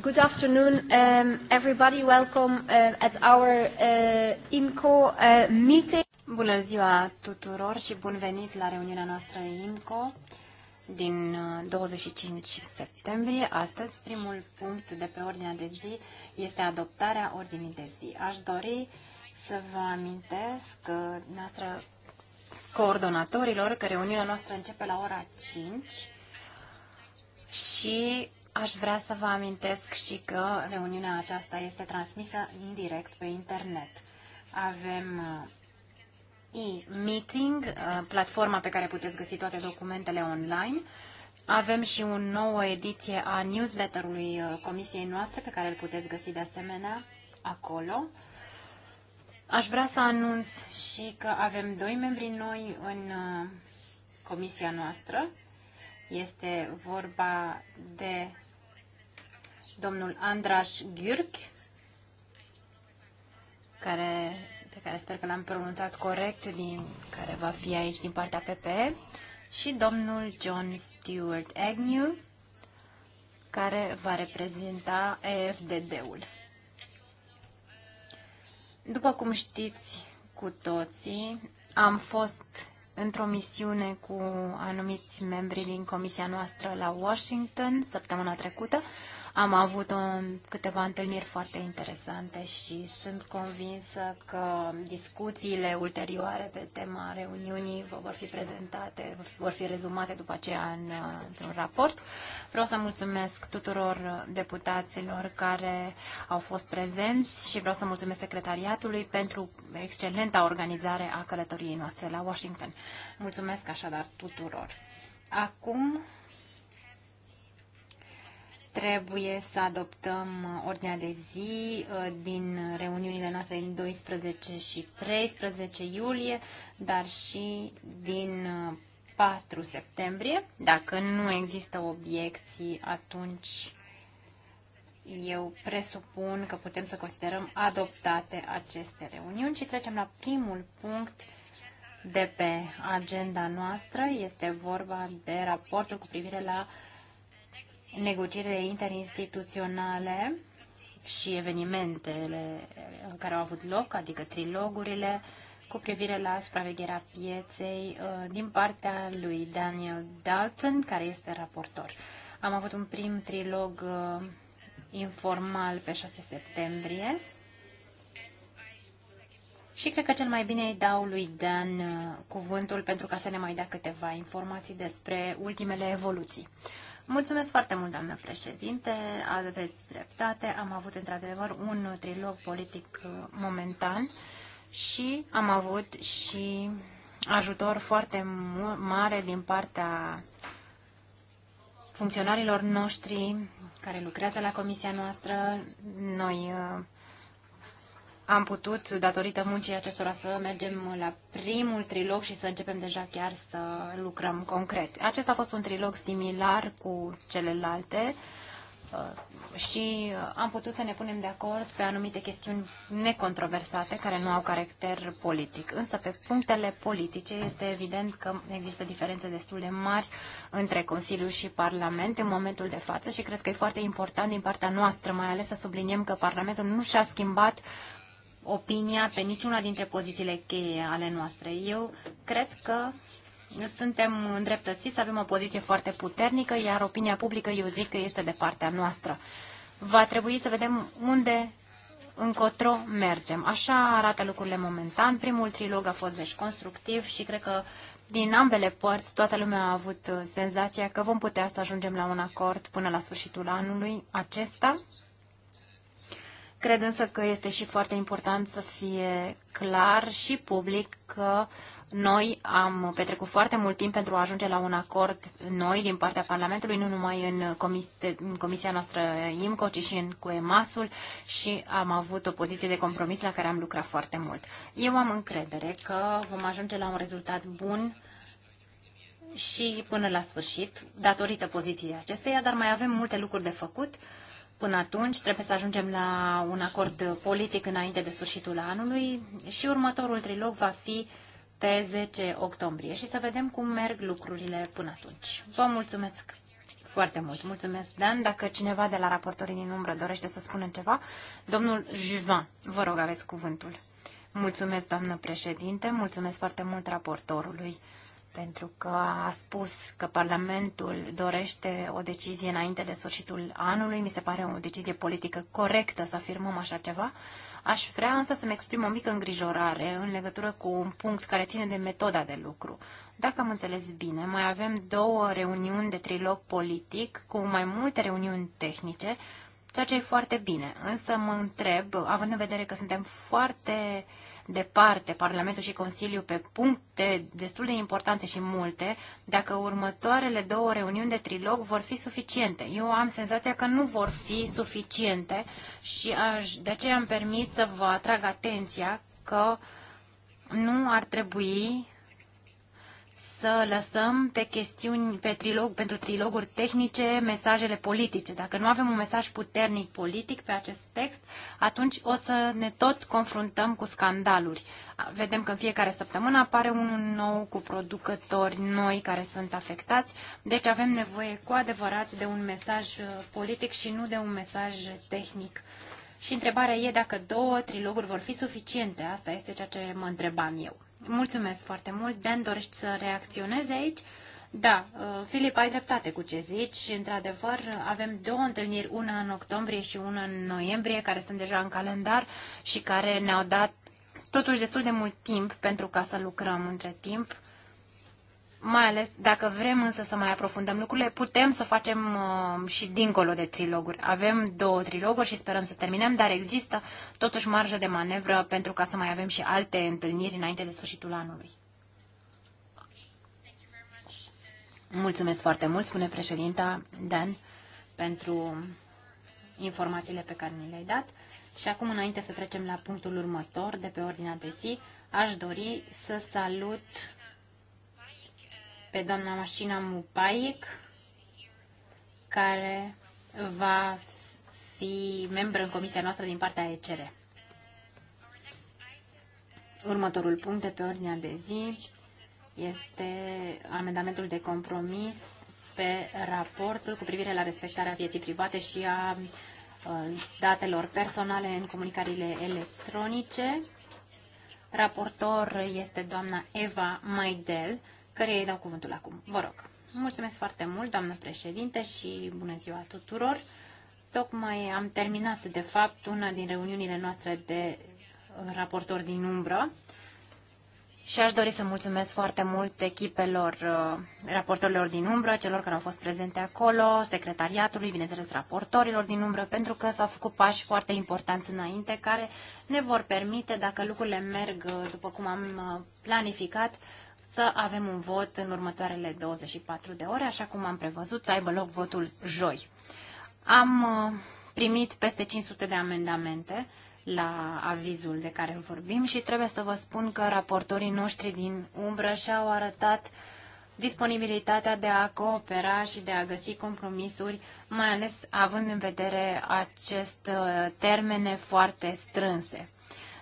Good afternoon, um, everybody. Welcome uh, at our uh, IMCO uh, meeting. Bună ziua tuturor și bun venit la reuniunea noastră IMCO din 25 uh, septembrie. Astăzi, primul punct de pe ordinea de zi este adoptarea ordinii de zi. Aș dori să vă amintesc că uh, noastră coordonatorilor că reuniunea noastră începe la ora 5 și Aș vrea să vă amintesc și că reuniunea aceasta este transmisă în direct pe internet. Avem uh, e-meeting, uh, platforma pe care puteți găsi toate documentele online. Avem și o nouă ediție a newsletterului uh, comisiei noastre pe care îl puteți găsi de asemenea acolo. Aș vrea să anunț și că avem doi membri noi în comisia noastră. Este vorba de domnul Andras Gyurk, care, pe care sper că l-am pronunțat corect, din, care va fi aici din partea PPE, și domnul John Stewart Agnew, care va reprezenta EFDD-ul. După cum știți cu toții, am fost într-o misiune cu anumiți membri din comisia noastră la Washington săptămâna trecută. Am avut un, câteva întâlniri foarte interesante și sunt convinsă că discuțiile ulterioare pe tema reuniunii vor fi prezentate, vor fi rezumate după aceea în, într-un raport. Vreau să mulțumesc tuturor deputaților care au fost prezenți și vreau să mulțumesc secretariatului pentru excelenta organizare a călătoriei noastre la Washington. Mulțumesc așadar tuturor. Acum trebuie să adoptăm ordinea de zi uh, din reuniunile noastre din 12 și 13 iulie, dar și din 4 uh, septembrie. Dacă nu există obiecții, atunci eu presupun că putem să considerăm adoptate aceste reuniuni și trecem la primul punct de pe agenda noastră. Este vorba de raportul cu privire la uh, negocierile interinstituționale și evenimentele care au avut loc, adică trilogurile, cu privire la supravegherea pieței uh, din partea lui Daniel Dalton, care este raportor. Am avut un prim trilog uh, informal pe 6 septembrie și cred că cel mai bine îi dau lui Dan uh, cuvântul pentru ca să ne mai dea câteva informații despre ultimele evoluții. Mulțumesc foarte mult, doamnă președinte, aveți dreptate. Am avut într-adevăr un trilog politic uh, momentan și am avut și ajutor foarte mare din partea funcționarilor noștri care lucrează la comisia noastră. Noi uh, am putut, datorită muncii acestora, să mergem la primul trilog și să începem deja chiar să lucrăm concret. Acesta a fost un trilog similar cu celelalte uh, și uh, am putut să ne punem de acord pe anumite chestiuni necontroversate care nu au caracter politic. Însă pe punctele politice este evident că există diferențe destul de mari între Consiliu și Parlament în momentul de față și cred că e foarte important din partea noastră mai ales să subliniem că Parlamentul nu și-a schimbat uh, opinia pe niciuna dintre pozițiile cheie ale noastre. Eu cred că suntem îndreptățiți să avem o poziție foarte puternică, iar opinia publică, eu zic că este de partea noastră. Va trebui să vedem unde încotro mergem. Așa arată lucrurile momentan. Primul trilog a fost deci constructiv și cred că din ambele părți toată lumea a avut senzația că vom putea să ajungem la un acord până la sfârșitul anului acesta Cred însă că este și foarte important să fie clar și public că noi am petrecut foarte mult timp pentru a ajunge la un acord noi din partea Parlamentului, nu numai în, comite, în comisia noastră IMCO, ci și în, cu ul și am avut o poziție de compromis la care am lucrat foarte mult. Eu am încredere că vom ajunge la un rezultat bun și până la sfârșit, datorită poziției acesteia, dar mai avem multe lucruri de făcut Până atunci trebuie să ajungem la un acord politic înainte de sfârșitul anului și următorul trilog va fi pe 10 octombrie și să vedem cum merg lucrurile până atunci. Vă mulțumesc foarte mult. Mulțumesc, Dan. Dacă cineva de la raportorii din umbră dorește să spună ceva, domnul Juvin, vă rog, aveți cuvântul. Mulțumesc, doamnă președinte, mulțumesc foarte mult raportorului pentru că a spus că Parlamentul dorește o decizie înainte de sfârșitul anului. Mi se pare o decizie politică corectă să afirmăm așa ceva. Aș vrea însă să-mi exprim o mică îngrijorare în legătură cu un punct care ține de metoda de lucru. Dacă am înțeles bine, mai avem două reuniuni de trilog politic cu mai multe reuniuni tehnice ceea ce e foarte bine. Însă mă întreb, având în vedere că suntem foarte departe, Parlamentul și Consiliul, pe puncte destul de importante și multe, dacă următoarele două reuniuni de trilog vor fi suficiente. Eu am senzația că nu vor fi suficiente și aș, de aceea am permit să vă atrag atenția că nu ar trebui să lăsăm pe chestiuni, pe trilog, pentru triloguri tehnice, mesajele politice. Dacă nu avem un mesaj puternic politic pe acest text, atunci o să ne tot confruntăm cu scandaluri. Vedem că în fiecare săptămână apare unul nou cu producători noi care sunt afectați, deci avem nevoie cu adevărat de un mesaj uh, politic și nu de un mesaj tehnic. Și întrebarea e dacă două triloguri vor fi suficiente. Asta este ceea ce mă întrebam eu. Mulțumesc foarte mult. Dan, dorești să reacționezi aici? Da, uh, Filip, ai dreptate cu ce zici și, într-adevăr, avem două întâlniri, una în octombrie și una în noiembrie, care sunt deja în calendar și care ne-au dat totuși destul de mult timp pentru ca să lucrăm între timp mai ales dacă vrem însă să mai aprofundăm lucrurile, putem să facem uh, și dincolo de triloguri. Avem două triloguri și sperăm să terminăm, dar există totuși marjă de manevră pentru ca să mai avem și alte întâlniri înainte de sfârșitul anului. Mulțumesc foarte mult, spune președinta Dan, pentru informațiile pe care ni le-ai dat. Și acum, înainte să trecem la punctul următor de pe ordinea de zi, aș dori să salut pe doamna Mașina Mupaic, care va fi membru în comisia noastră din partea ECR. Următorul punct de pe ordinea de zi este amendamentul de compromis pe raportul cu privire la respectarea vieții private și a uh, datelor personale în comunicările electronice. Raportor este doamna Eva Maidel care îi dau cuvântul acum. Vă rog. Mulțumesc foarte mult, doamnă președinte, și bună ziua tuturor. Tocmai am terminat, de fapt, una din reuniunile noastre de uh, raportori din umbră și aș dori să mulțumesc foarte mult echipelor uh, raportorilor din umbră, celor care au fost prezente acolo, secretariatului, bineînțeles raportorilor din umbră, pentru că s-au făcut pași foarte importanți înainte care ne vor permite, dacă lucrurile merg uh, după cum am planificat, să avem un vot în următoarele 24 de ore, așa cum am prevăzut să aibă loc votul joi. Am uh, primit peste 500 de amendamente la avizul de care vorbim și trebuie să vă spun că raportorii noștri din umbră și-au arătat disponibilitatea de a coopera și de a găsi compromisuri, mai ales având în vedere acest uh, termene foarte strânse.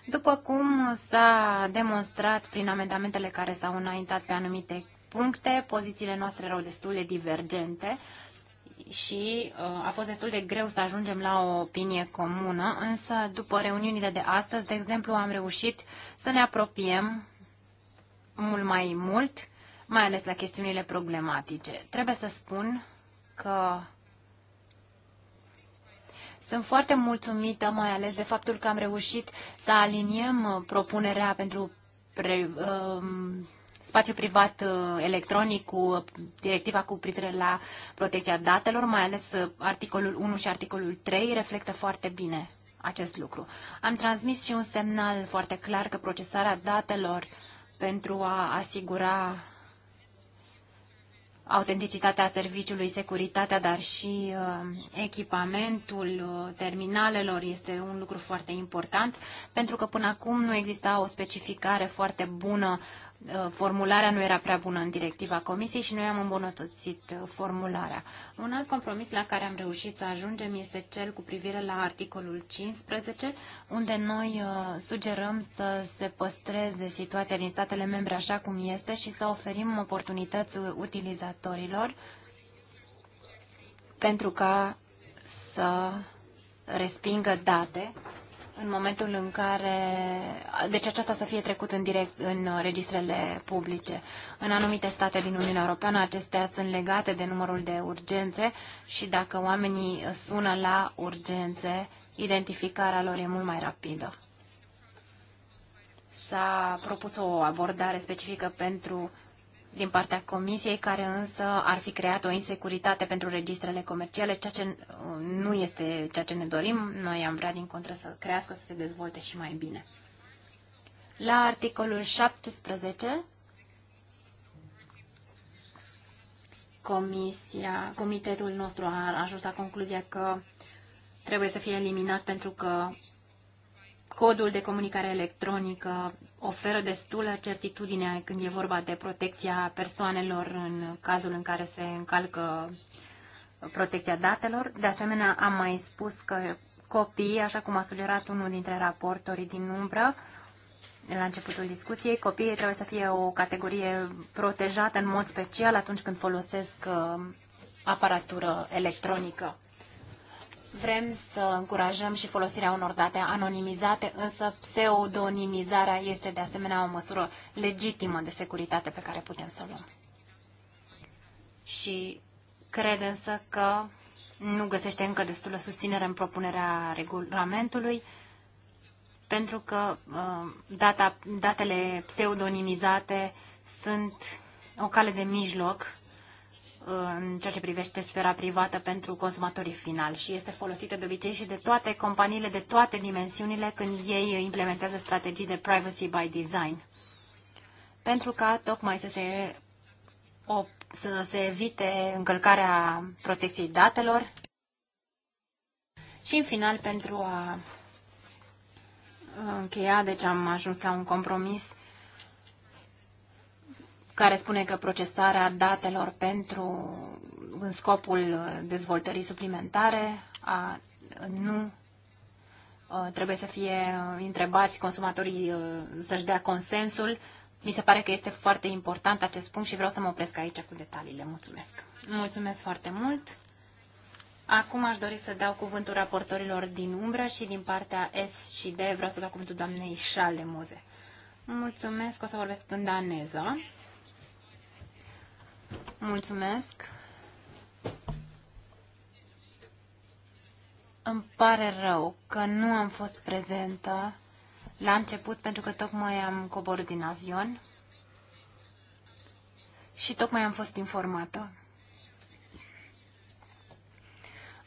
După cum s-a demonstrat prin amendamentele care s-au înaintat pe anumite puncte, pozițiile noastre erau destul de divergente și uh, a fost destul de greu să ajungem la o opinie comună, însă după reuniunile de astăzi, de exemplu, am reușit să ne apropiem mult mai mult, mai ales la chestiunile problematice. Trebuie să spun că sunt foarte mulțumită, mai ales de faptul că am reușit să aliniem uh, propunerea pentru pre, um, spațiu privat uh, electronic cu uh, directiva cu privire la protecția datelor, mai ales articolul 1 și articolul 3 reflectă foarte bine acest lucru. Am transmis și un semnal foarte clar că procesarea datelor pentru a asigura autenticitatea serviciului, securitatea, dar și uh, echipamentul uh, terminalelor este un lucru foarte important, pentru că până acum nu exista o specificare foarte bună Uh, formularea nu era prea bună în directiva Comisiei și noi am îmbunătățit uh, formularea. Un alt compromis la care am reușit să ajungem este cel cu privire la articolul 15, unde noi uh, sugerăm să se păstreze situația din statele membre așa cum este și să oferim oportunități utilizatorilor pentru ca să respingă date în momentul în care, deci aceasta să fie trecut în direct în registrele publice. În anumite state din Uniunea Europeană acestea sunt legate de numărul de urgențe și dacă oamenii sună la urgențe, identificarea lor e mult mai rapidă. S-a propus o abordare specifică pentru din partea Comisiei, care însă ar fi creat o insecuritate pentru registrele comerciale, ceea ce nu este ceea ce ne dorim. Noi am vrea, din contră, să crească, să se dezvolte și mai bine. La articolul 17, Comisia, comitetul nostru a ajuns la concluzia că trebuie să fie eliminat pentru că codul de comunicare electronică oferă destulă certitudine când e vorba de protecția persoanelor în cazul în care se încalcă protecția datelor. De asemenea, am mai spus că copiii, așa cum a sugerat unul dintre raportorii din umbră, la începutul discuției, copiii trebuie să fie o categorie protejată în mod special atunci când folosesc uh, aparatură electronică. Vrem să încurajăm și folosirea unor date anonimizate, însă pseudonimizarea este de asemenea o măsură legitimă de securitate pe care putem să o luăm. Și cred însă că nu găsește încă destulă susținere în propunerea regulamentului, pentru că uh, data, datele pseudonimizate sunt o cale de mijloc în ceea ce privește sfera privată pentru consumatorii finali și este folosită de obicei și de toate companiile de toate dimensiunile când ei implementează strategii de privacy by design. Pentru ca tocmai să se, op, să se evite încălcarea protecției datelor și în final pentru a încheia, deci am ajuns la un compromis care spune că procesarea datelor pentru în scopul dezvoltării suplimentare a, nu trebuie să fie întrebați consumatorii să-și dea consensul. Mi se pare că este foarte important acest punct și vreau să mă opresc aici cu detaliile. Mulțumesc! Mulțumesc foarte mult! Acum aș dori să dau cuvântul raportorilor din umbră și din partea S și D vreau să dau cuvântul doamnei Șalde Muze. Mulțumesc, o să vorbesc în daneză. Mulțumesc. Îmi pare rău că nu am fost prezentă la început pentru că tocmai am coborât din avion și tocmai am fost informată.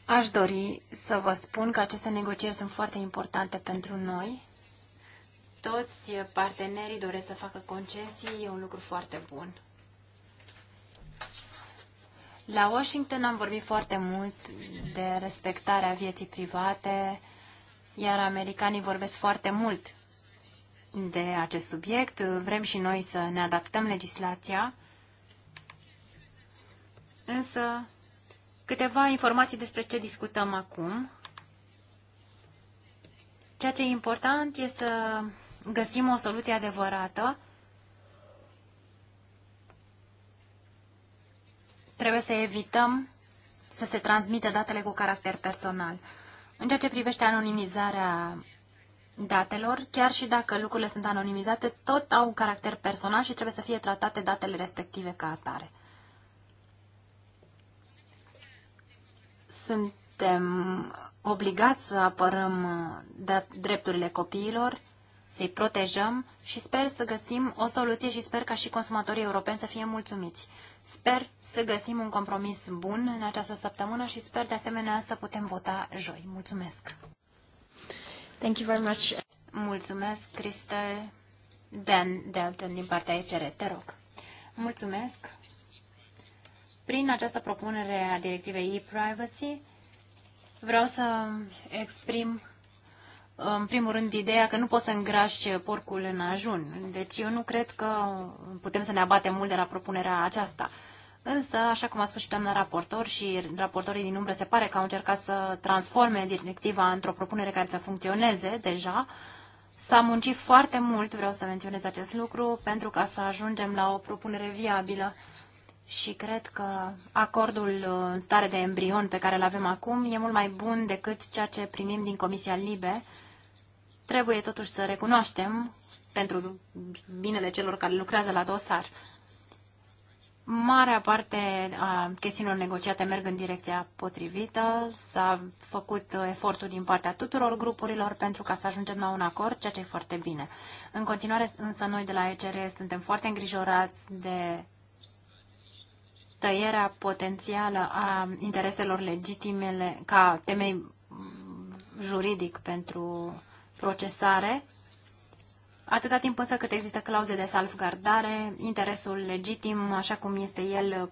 Aș dori să vă spun că aceste negocieri sunt foarte importante pentru noi. Toți partenerii doresc să facă concesii, e un lucru foarte bun. La Washington am vorbit foarte mult de respectarea vieții private, iar americanii vorbesc foarte mult de acest subiect. Vrem și noi să ne adaptăm legislația, însă câteva informații despre ce discutăm acum. Ceea ce e important este să găsim o soluție adevărată Trebuie să evităm să se transmită datele cu caracter personal. În ceea ce privește anonimizarea datelor, chiar și dacă lucrurile sunt anonimizate, tot au un caracter personal și trebuie să fie tratate datele respective ca atare. Suntem obligați să apărăm uh, drepturile copiilor, să-i protejăm și sper să găsim o soluție și sper ca și consumatorii europeni să fie mulțumiți. Sper să găsim un compromis bun în această săptămână și sper de asemenea să putem vota joi. Mulțumesc! Thank you very much. Mulțumesc, Cristel. Dan Delton din partea ECR, te rog. Mulțumesc. Prin această propunere a directivei e-privacy, vreau să exprim în primul rând, ideea că nu poți să îngrași porcul în ajun. Deci eu nu cred că putem să ne abatem mult de la propunerea aceasta. Însă, așa cum a spus și doamna raportor și raportorii din umbră, se pare că au încercat să transforme directiva într-o propunere care să funcționeze deja. S-a muncit foarte mult, vreau să menționez acest lucru, pentru ca să ajungem la o propunere viabilă. Și cred că acordul în stare de embrion pe care îl avem acum e mult mai bun decât ceea ce primim din Comisia Libe Trebuie totuși să recunoaștem, pentru binele celor care lucrează la dosar, Marea parte a chestiunilor negociate merg în direcția potrivită. S-a făcut efortul din partea tuturor grupurilor pentru ca să ajungem la un acord, ceea ce e foarte bine. În continuare, însă, noi de la ECR suntem foarte îngrijorați de tăierea potențială a intereselor legitimele ca temei juridic pentru procesare, atâta timp însă cât există clauze de salvgardare, interesul legitim, așa cum este el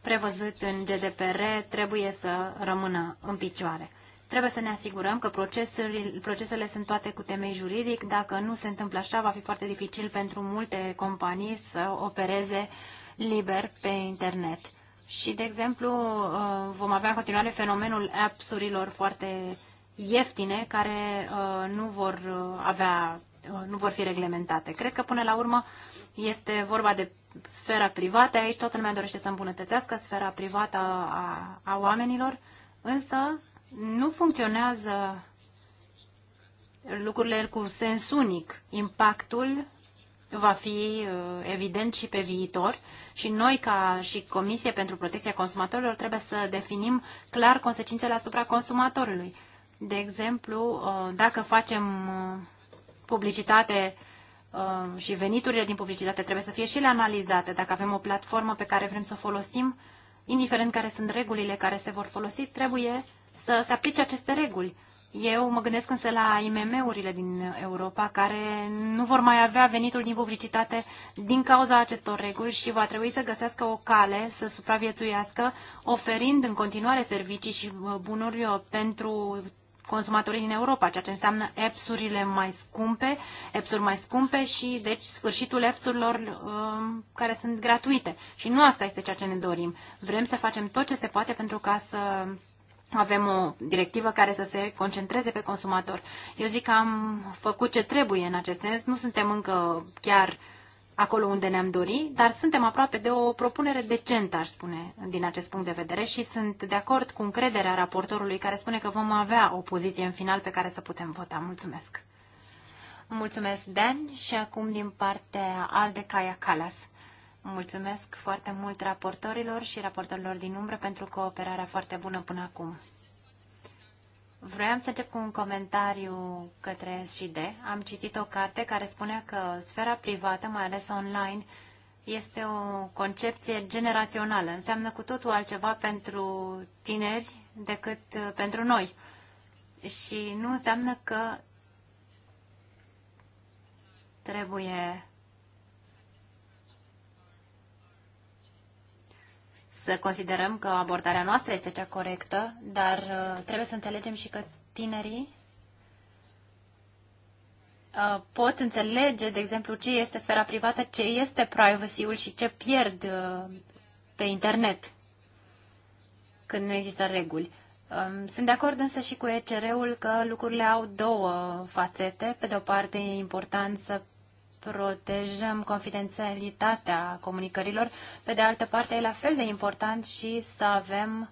prevăzut în GDPR, trebuie să rămână în picioare. Trebuie să ne asigurăm că procesele sunt toate cu temei juridic. Dacă nu se întâmplă așa, va fi foarte dificil pentru multe companii să opereze liber pe internet. Și, de exemplu, uh, vom avea în continuare fenomenul apps-urilor foarte ieftine care uh, nu vor uh, avea, uh, nu vor fi reglementate. Cred că până la urmă este vorba de sfera privată, aici toată lumea dorește să îmbunătățească sfera privată a, a oamenilor, însă nu funcționează lucrurile cu sens unic. Impactul va fi evident și pe viitor și noi ca și Comisie pentru Protecția Consumatorilor trebuie să definim clar consecințele asupra consumatorului. De exemplu, uh, dacă facem uh, publicitate uh, și veniturile din publicitate trebuie să fie și le analizate. Dacă avem o platformă pe care vrem să o folosim, indiferent care sunt regulile care se vor folosi, trebuie să se aplice aceste reguli. Eu mă gândesc însă la IMM-urile din Europa care nu vor mai avea venituri din publicitate din cauza acestor reguli și va trebui să găsească o cale să supraviețuiască, oferind în continuare servicii și bunuri pentru consumatorii din Europa, ceea ce înseamnă EPS-urile mai scumpe, EPS-uri mai scumpe și deci sfârșitul EPS-urilor um, care sunt gratuite. Și nu asta este ceea ce ne dorim. Vrem să facem tot ce se poate pentru ca să avem o directivă care să se concentreze pe consumator. Eu zic că am făcut ce trebuie în acest sens, nu suntem încă chiar acolo unde ne-am dori, dar suntem aproape de o propunere decentă, aș spune, din acest punct de vedere și sunt de acord cu încrederea raportorului care spune că vom avea o poziție în final pe care să putem vota. Mulțumesc! Mulțumesc, Dan, și acum din partea Alde Caia Calas. Mulțumesc foarte mult raportorilor și raportorilor din umbră pentru cooperarea foarte bună până acum. Vreau să încep cu un comentariu către SJD. Am citit o carte care spunea că sfera privată, mai ales online, este o concepție generațională. Înseamnă cu totul altceva pentru tineri decât uh, pentru noi. Și nu înseamnă că trebuie să considerăm că abordarea noastră este cea corectă, dar uh, trebuie să înțelegem și că tinerii uh, pot înțelege, de exemplu, ce este sfera privată, ce este privacy-ul și ce pierd uh, pe internet când nu există reguli. Um, sunt de acord însă și cu ECR-ul că lucrurile au două fațete. Pe de o parte e important să protejăm confidențialitatea comunicărilor, pe de altă parte e la fel de important și să avem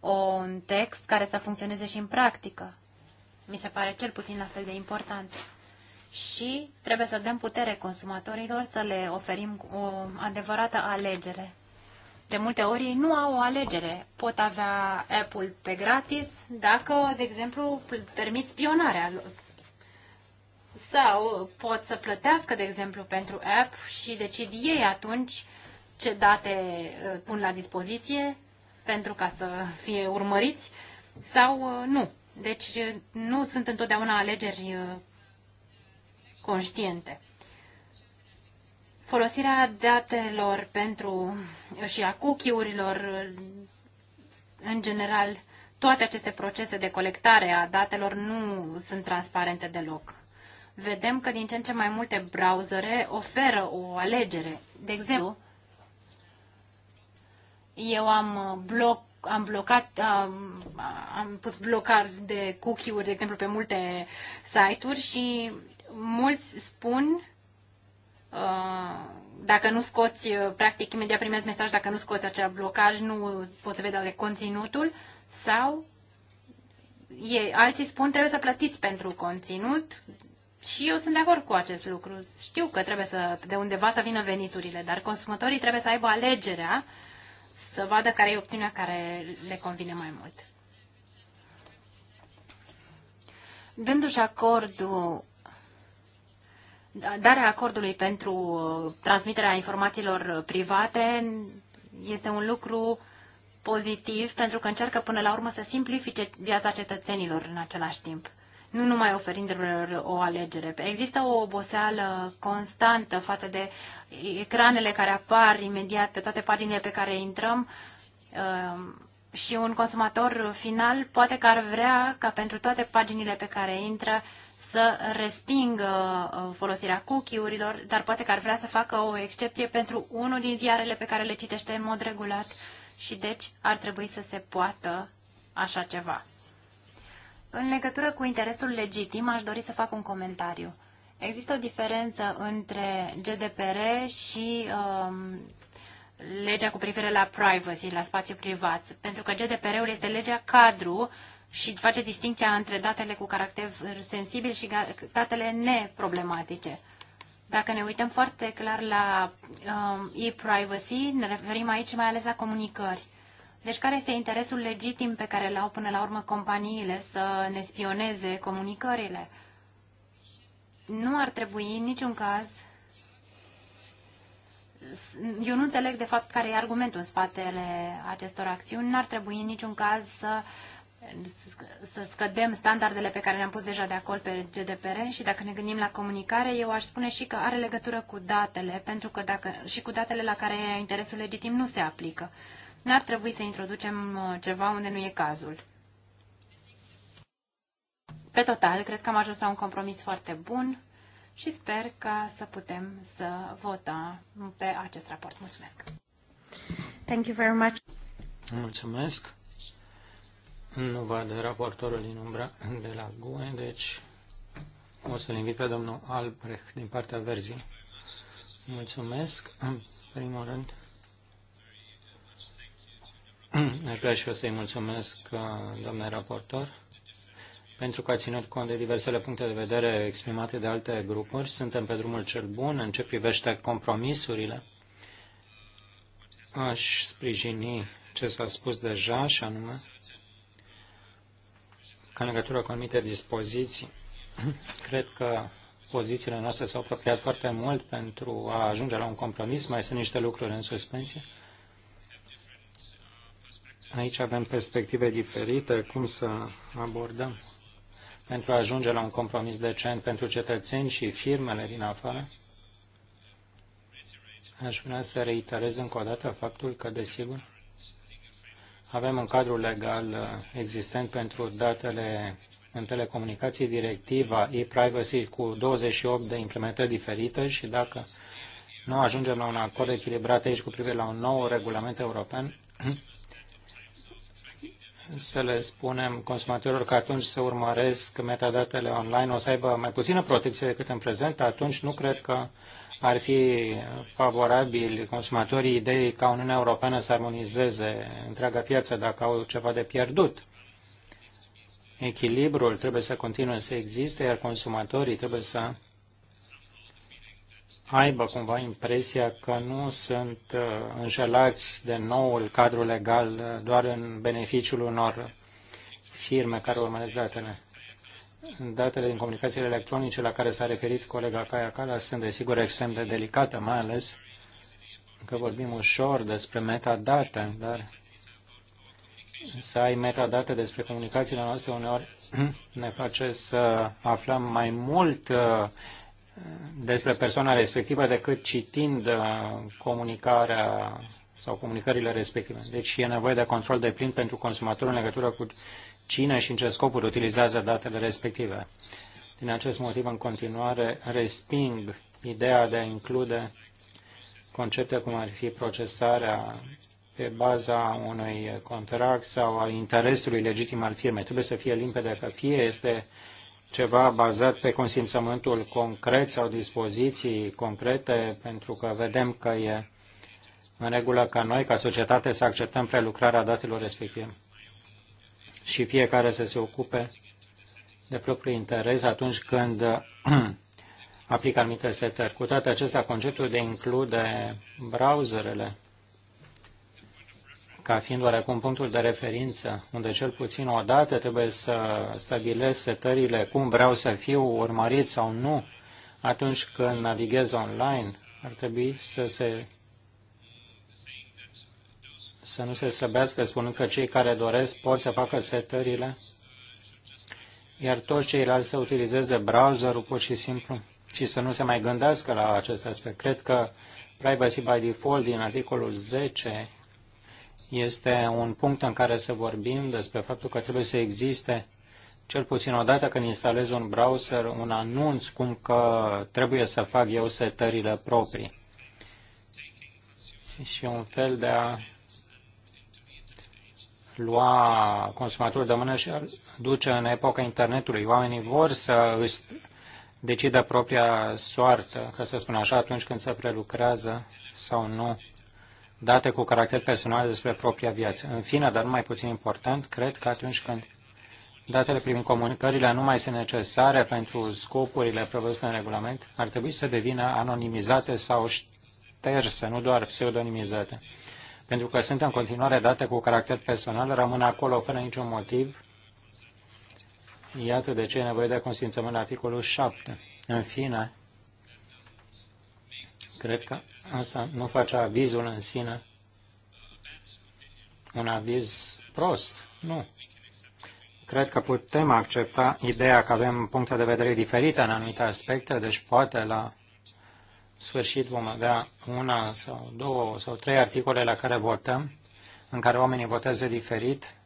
un text care să funcționeze și în practică. Mi se pare cel puțin la fel de important. Și trebuie să dăm putere consumatorilor să le oferim o adevărată alegere. De multe ori ei nu au o alegere. Pot avea Apple pe gratis dacă, de exemplu, permit spionarea lor sau pot să plătească, de exemplu, pentru app și decid ei atunci ce date uh, pun la dispoziție pentru ca să fie urmăriți sau uh, nu. Deci uh, nu sunt întotdeauna alegeri conștiente. Folosirea datelor pentru și a cookie-urilor, în general, toate aceste procese de colectare a datelor nu sunt transparente deloc vedem că din ce în ce mai multe browsere oferă o alegere. De exemplu, eu am uh, bloc am blocat, am, am pus blocare de cookie-uri, de exemplu, pe multe site-uri și mulți spun uh, dacă nu scoți, uh, practic imediat primezi mesaj, dacă nu scoți acel blocaj, nu poți vedea de conținutul sau e, alții spun trebuie să plătiți pentru conținut, și eu sunt de acord cu acest lucru. Știu că trebuie să, de undeva să vină veniturile, dar consumatorii trebuie să aibă alegerea să vadă care e opțiunea care le convine mai mult. Dându-și acordul darea acordului pentru uh, transmiterea informațiilor private este un lucru pozitiv pentru că încearcă până la urmă să simplifice viața cetățenilor în același timp nu numai oferindu-lor o alegere. Există o oboseală constantă față de ecranele care apar imediat pe toate paginile pe care intrăm um, și un consumator final poate că ar vrea ca pentru toate paginile pe care intră să respingă uh, folosirea cookie-urilor, dar poate că ar vrea să facă o excepție pentru unul din ziarele pe care le citește în mod regulat și deci ar trebui să se poată așa ceva. În legătură cu interesul legitim, aș dori să fac un comentariu. Există o diferență între GDPR și um, legea cu privire la privacy, la spațiu privat, pentru că GDPR-ul este legea cadru și face distinția între datele cu caracter sensibil și datele neproblematice. Dacă ne uităm foarte clar la um, e-privacy, ne referim aici mai ales la comunicări. Deci care este interesul legitim pe care l-au până la urmă companiile să ne spioneze comunicările? Nu ar trebui în niciun caz eu nu înțeleg de fapt care e argumentul în spatele acestor acțiuni. N-ar trebui în niciun caz să, să scădem standardele pe care le-am pus deja de acolo pe GDPR și dacă ne gândim la comunicare, eu aș spune și că are legătură cu datele, pentru că dacă, și cu datele la care interesul legitim nu se aplică n-ar trebui să introducem uh, ceva unde nu e cazul. Pe total, cred că am ajuns la un compromis foarte bun și sper că să putem să vota pe acest raport. Mulțumesc! Thank you very much. Mulțumesc! Nu văd raportorul din umbra de la GUE, deci o să-l invit pe domnul Albrecht din partea verzii. Mulțumesc, în primul rând, Aș vrea și eu să-i mulțumesc, uh, domnule raportor, pentru că a ținut cont de diversele puncte de vedere exprimate de alte grupuri. Suntem pe drumul cel bun în ce privește compromisurile. Aș sprijini ce s-a spus deja, și anume că în legătură cu anumite dispoziții, cred că pozițiile noastre s-au apropiat foarte mult pentru a ajunge la un compromis. Mai sunt niște lucruri în suspensie Aici avem perspective diferite cum să abordăm pentru a ajunge la un compromis decent pentru cetățeni și firmele din afară. Aș vrea să reiterez încă o dată faptul că, desigur, avem un cadru legal uh, existent pentru datele în telecomunicații, directiva e-privacy cu 28 de implementări diferite și dacă nu ajungem la un acord echilibrat aici cu privire la un nou regulament european, să le spunem consumatorilor că atunci să urmăresc metadatele online o să aibă mai puțină protecție decât în prezent, atunci nu cred că ar fi favorabil consumatorii ideii ca Uniunea Europeană să armonizeze întreaga piață dacă au ceva de pierdut. Echilibrul trebuie să continue să existe, iar consumatorii trebuie să aibă cumva impresia că nu sunt uh, înșelați de noul cadru legal uh, doar în beneficiul unor firme care urmăresc datele. Datele din comunicațiile electronice la care s-a referit colega Caia Cala sunt desigur extrem de delicate, mai ales că vorbim ușor despre metadate, dar să ai metadate despre comunicațiile noastre uneori ne face să aflăm mai mult uh, despre persoana respectivă decât citind uh, comunicarea sau comunicările respective. Deci e nevoie de control de plin pentru consumatorul în legătură cu cine și în ce scopuri utilizează datele respective. Din acest motiv, în continuare, resping ideea de a include concepte cum ar fi procesarea pe baza unui contract sau a interesului legitim al firmei. Trebuie să fie limpede că fie este ceva bazat pe consimțământul concret sau dispoziții concrete, pentru că vedem că e în regulă ca noi, ca societate, să acceptăm prelucrarea datelor respective și fiecare să se ocupe de propriul interes atunci când aplică anumite setări. Cu toate acestea, conceptul de include browserele ca fiind oarecum punctul de referință, unde cel puțin o dată trebuie să stabilesc setările cum vreau să fiu urmărit sau nu atunci când navighez online, ar trebui să se să nu se slăbească spunând că cei care doresc pot să facă setările, iar toți ceilalți să utilizeze browserul pur și simplu și să nu se mai gândească la acest aspect. Cred că privacy by default din articolul 10 este un punct în care să vorbim despre faptul că trebuie să existe cel puțin odată când instalez un browser, un anunț cum că trebuie să fac eu setările proprii. Și un fel de a lua consumatorul de mână și duce în epoca internetului. Oamenii vor să își decidă propria soartă, ca să spun așa, atunci când se prelucrează sau nu date cu caracter personal despre propria viață. În fine, dar nu mai puțin important, cred că atunci când datele privind comunicările nu mai sunt necesare pentru scopurile prevăzute în regulament, ar trebui să devină anonimizate sau șterse, nu doar pseudonimizate. Pentru că sunt în continuare date cu caracter personal, rămân acolo fără niciun motiv. Iată de ce e nevoie de consimțământ la articolul 7. În fine, cred că Asta nu face avizul în sine un aviz prost, nu. Cred că putem accepta ideea că avem puncte de vedere diferite în anumite aspecte, deci poate la sfârșit vom avea una sau două sau trei articole la care votăm, în care oamenii votează diferit.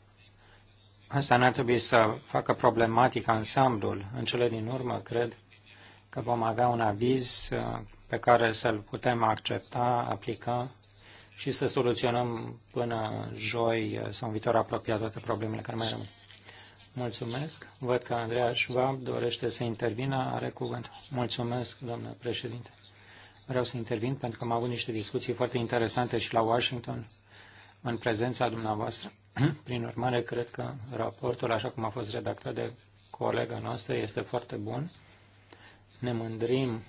Asta n-ar trebui să facă problematic ansamblul. În cele din urmă, cred că vom avea un aviz pe care să-l putem accepta, aplica și să soluționăm până joi sau în viitor apropiat toate problemele care mai rămân. Mulțumesc. Văd că Andreea Schwab dorește să intervină. Are cuvânt. Mulțumesc, doamnă președinte. Vreau să intervin pentru că am avut niște discuții foarte interesante și la Washington în prezența dumneavoastră. Prin urmare, cred că raportul, așa cum a fost redactat de colega noastră, este foarte bun. Ne mândrim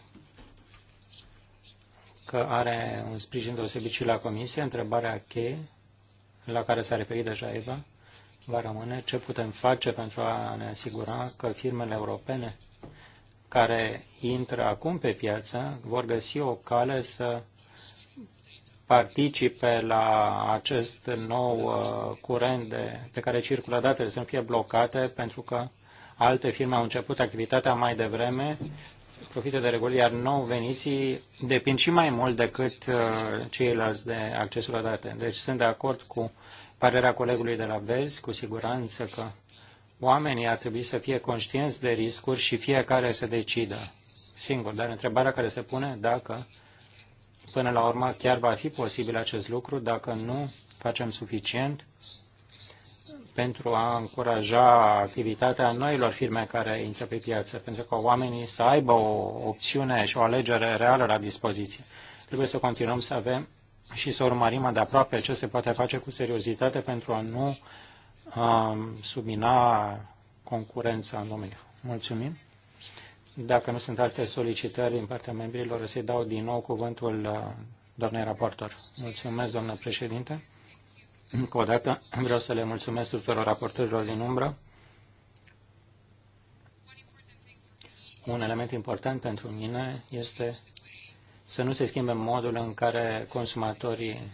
că are un sprijin deosebit și la comisie. Întrebarea cheie la care s-a referit deja Eva va rămâne ce putem face pentru a ne asigura că firmele europene care intră acum pe piață vor găsi o cale să participe la acest nou uh, curent de, pe care circulă datele, să nu fie blocate pentru că alte firme au început activitatea mai devreme profită de reguli, iar nou veniții depind și mai mult decât uh, ceilalți de accesul la date. Deci sunt de acord cu parerea colegului de la Vezi, cu siguranță că oamenii ar trebui să fie conștienți de riscuri și fiecare să decidă singur. Dar întrebarea care se pune dacă până la urmă chiar va fi posibil acest lucru, dacă nu facem suficient pentru a încuraja activitatea noilor firme care intră pe piață, pentru că oamenii să aibă o opțiune și o alegere reală la dispoziție. Trebuie să continuăm să avem și să urmărim de aproape ce se poate face cu seriozitate pentru a nu um, submina concurența în domeniu. Mulțumim! Dacă nu sunt alte solicitări din partea membrilor, o să-i dau din nou cuvântul uh, doamnei raportor. Mulțumesc, doamnă președinte! Încă o dată vreau să le mulțumesc tuturor raportorilor din umbră. Un element important pentru mine este să nu se schimbe modul în care consumatorii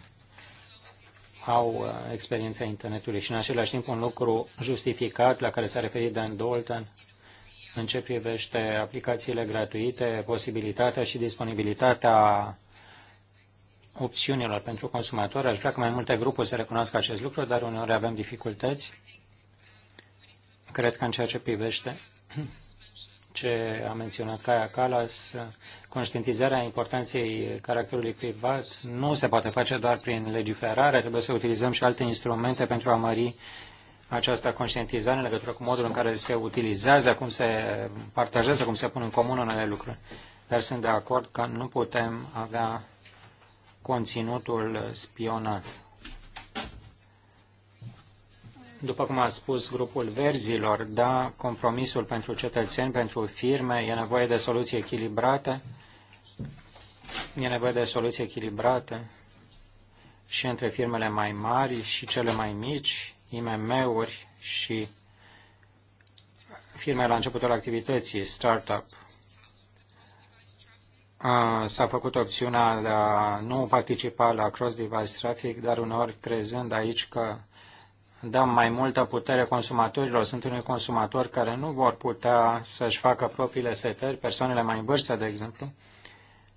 au uh, experiența internetului și în același timp un lucru justificat la care s-a referit Dan Dalton în ce privește aplicațiile gratuite, posibilitatea și disponibilitatea opțiunilor pentru consumatori. Aș vrea că mai multe grupuri să recunoască acest lucru, dar uneori avem dificultăți. Cred că în ceea ce privește ce a menționat Caia Calas, conștientizarea importanței caracterului privat nu se poate face doar prin legiferare, trebuie să utilizăm și alte instrumente pentru a mări această conștientizare în legătură cu modul în care se utilizează, cum se partajează, cum se pun în comun unele lucruri. Dar sunt de acord că nu putem avea conținutul spionat. După cum a spus grupul verzilor, da, compromisul pentru cetățeni, pentru firme, e nevoie de soluții echilibrate, e nevoie de soluții echilibrate și între firmele mai mari și cele mai mici, IMM-uri și firme la începutul activității, startup s-a făcut opțiunea de a nu participa la cross-device traffic, dar uneori crezând aici că dăm mai multă putere consumatorilor. Sunt unii consumatori care nu vor putea să-și facă propriile setări, persoanele mai în vârstă, de exemplu.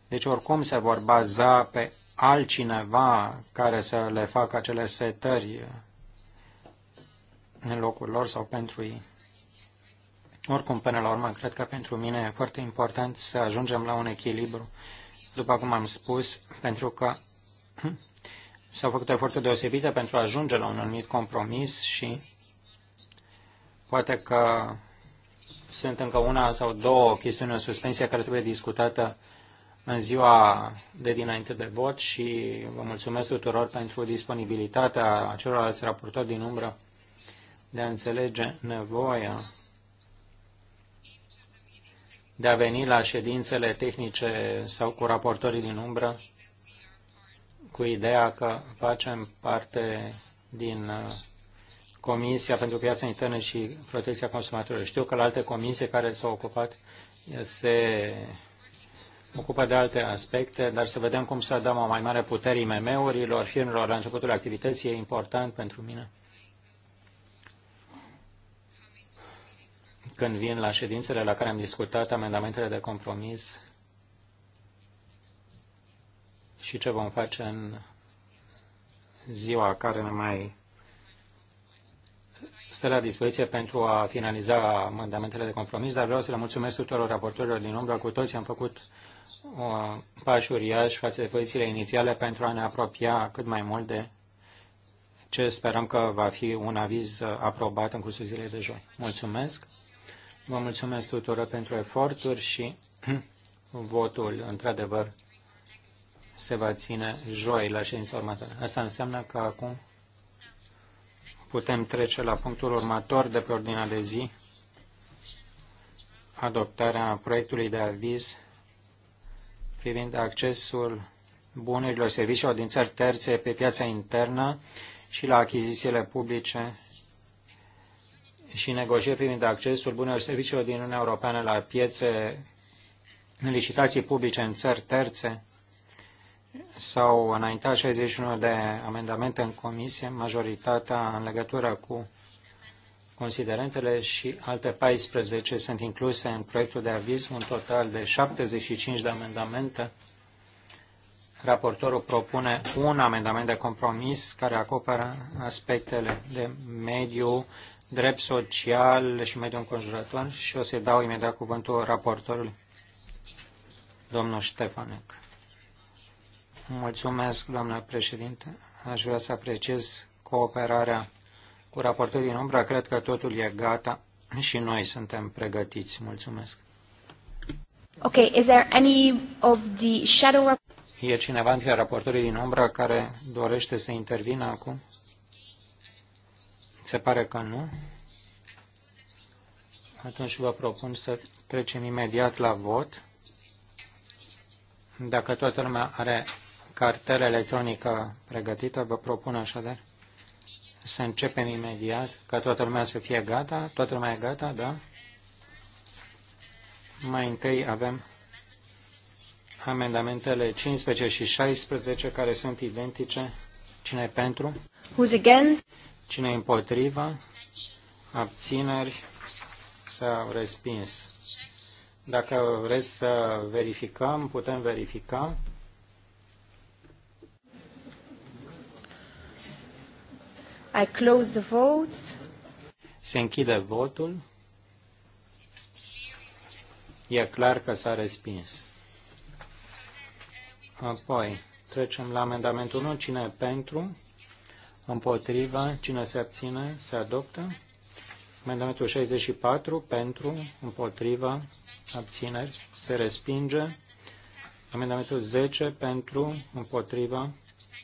Deci oricum se vor baza pe altcineva care să le facă acele setări în locul lor sau pentru ei. Oricum, până la urmă, cred că pentru mine e foarte important să ajungem la un echilibru, după cum am spus, pentru că s-au făcut eforturi deosebite pentru a ajunge la un anumit compromis și poate că sunt încă una sau două chestiuni în suspensie care trebuie discutată în ziua de dinainte de vot și vă mulțumesc tuturor pentru disponibilitatea celorlalți raportori din umbră de a înțelege nevoia de a veni la ședințele tehnice sau cu raportorii din umbră cu ideea că facem parte din uh, Comisia pentru Piața Internă și Protecția Consumatorilor. Știu că la alte comisii care s-au ocupat uh, se ocupă de alte aspecte, dar să vedem cum să dăm o mai mare putere IMM-urilor, firmelor la începutul activității, e important pentru mine. când vin la ședințele la care am discutat amendamentele de compromis și ce vom face în ziua care ne mai stă la dispoziție pentru a finaliza amendamentele de compromis, dar vreau să le mulțumesc tuturor raportorilor din umbră. Cu toți am făcut uh, pași uriași față de pozițiile inițiale pentru a ne apropia cât mai mult de ce sperăm că va fi un aviz aprobat în cursul zilei de joi. Mulțumesc! Vă mulțumesc tuturor pentru eforturi și votul, într-adevăr, se va ține joi la ședința următoare. Asta înseamnă că acum putem trece la punctul următor de pe ordinea de zi, adoptarea proiectului de aviz privind accesul bunurilor serviciilor din țări terțe pe piața internă și la achizițiile publice și negocieri privind accesul bunelor serviciilor din Uniunea Europeană la piețe în licitații publice în țări terțe. S-au înaintat 61 de amendamente în comisie, majoritatea în legătură cu considerentele și alte 14 sunt incluse în proiectul de aviz, un total de 75 de amendamente. Raportorul propune un amendament de compromis care acoperă aspectele de mediu, drept social și mediul înconjurător și o să-i dau imediat cuvântul raportorului, domnul Ștefanec. Mulțumesc, doamna președinte. Aș vrea să apreciez cooperarea cu raportorii din umbra. Cred că totul e gata și noi suntem pregătiți. Mulțumesc. Okay, is there any of the shadow E cineva dintre raportorii din umbra care dorește să intervină acum? Se pare că nu. Atunci vă propun să trecem imediat la vot. Dacă toată lumea are cartela electronică pregătită, vă propun așadar să începem imediat, ca toată lumea să fie gata. Toată lumea e gata, da? Mai întâi avem amendamentele 15 și 16 care sunt identice. Cine e pentru? Who's against? Cine e împotrivă? Abțineri? s au respins. Dacă vreți să verificăm, putem verifica. I close the votes. Se închide votul. E clar că s-a respins. Apoi, trecem la amendamentul 1. Cine e pentru? împotriva, cine se abține, se adoptă. Amendamentul 64, pentru, împotriva, abțineri, se respinge. Amendamentul 10, pentru, împotriva,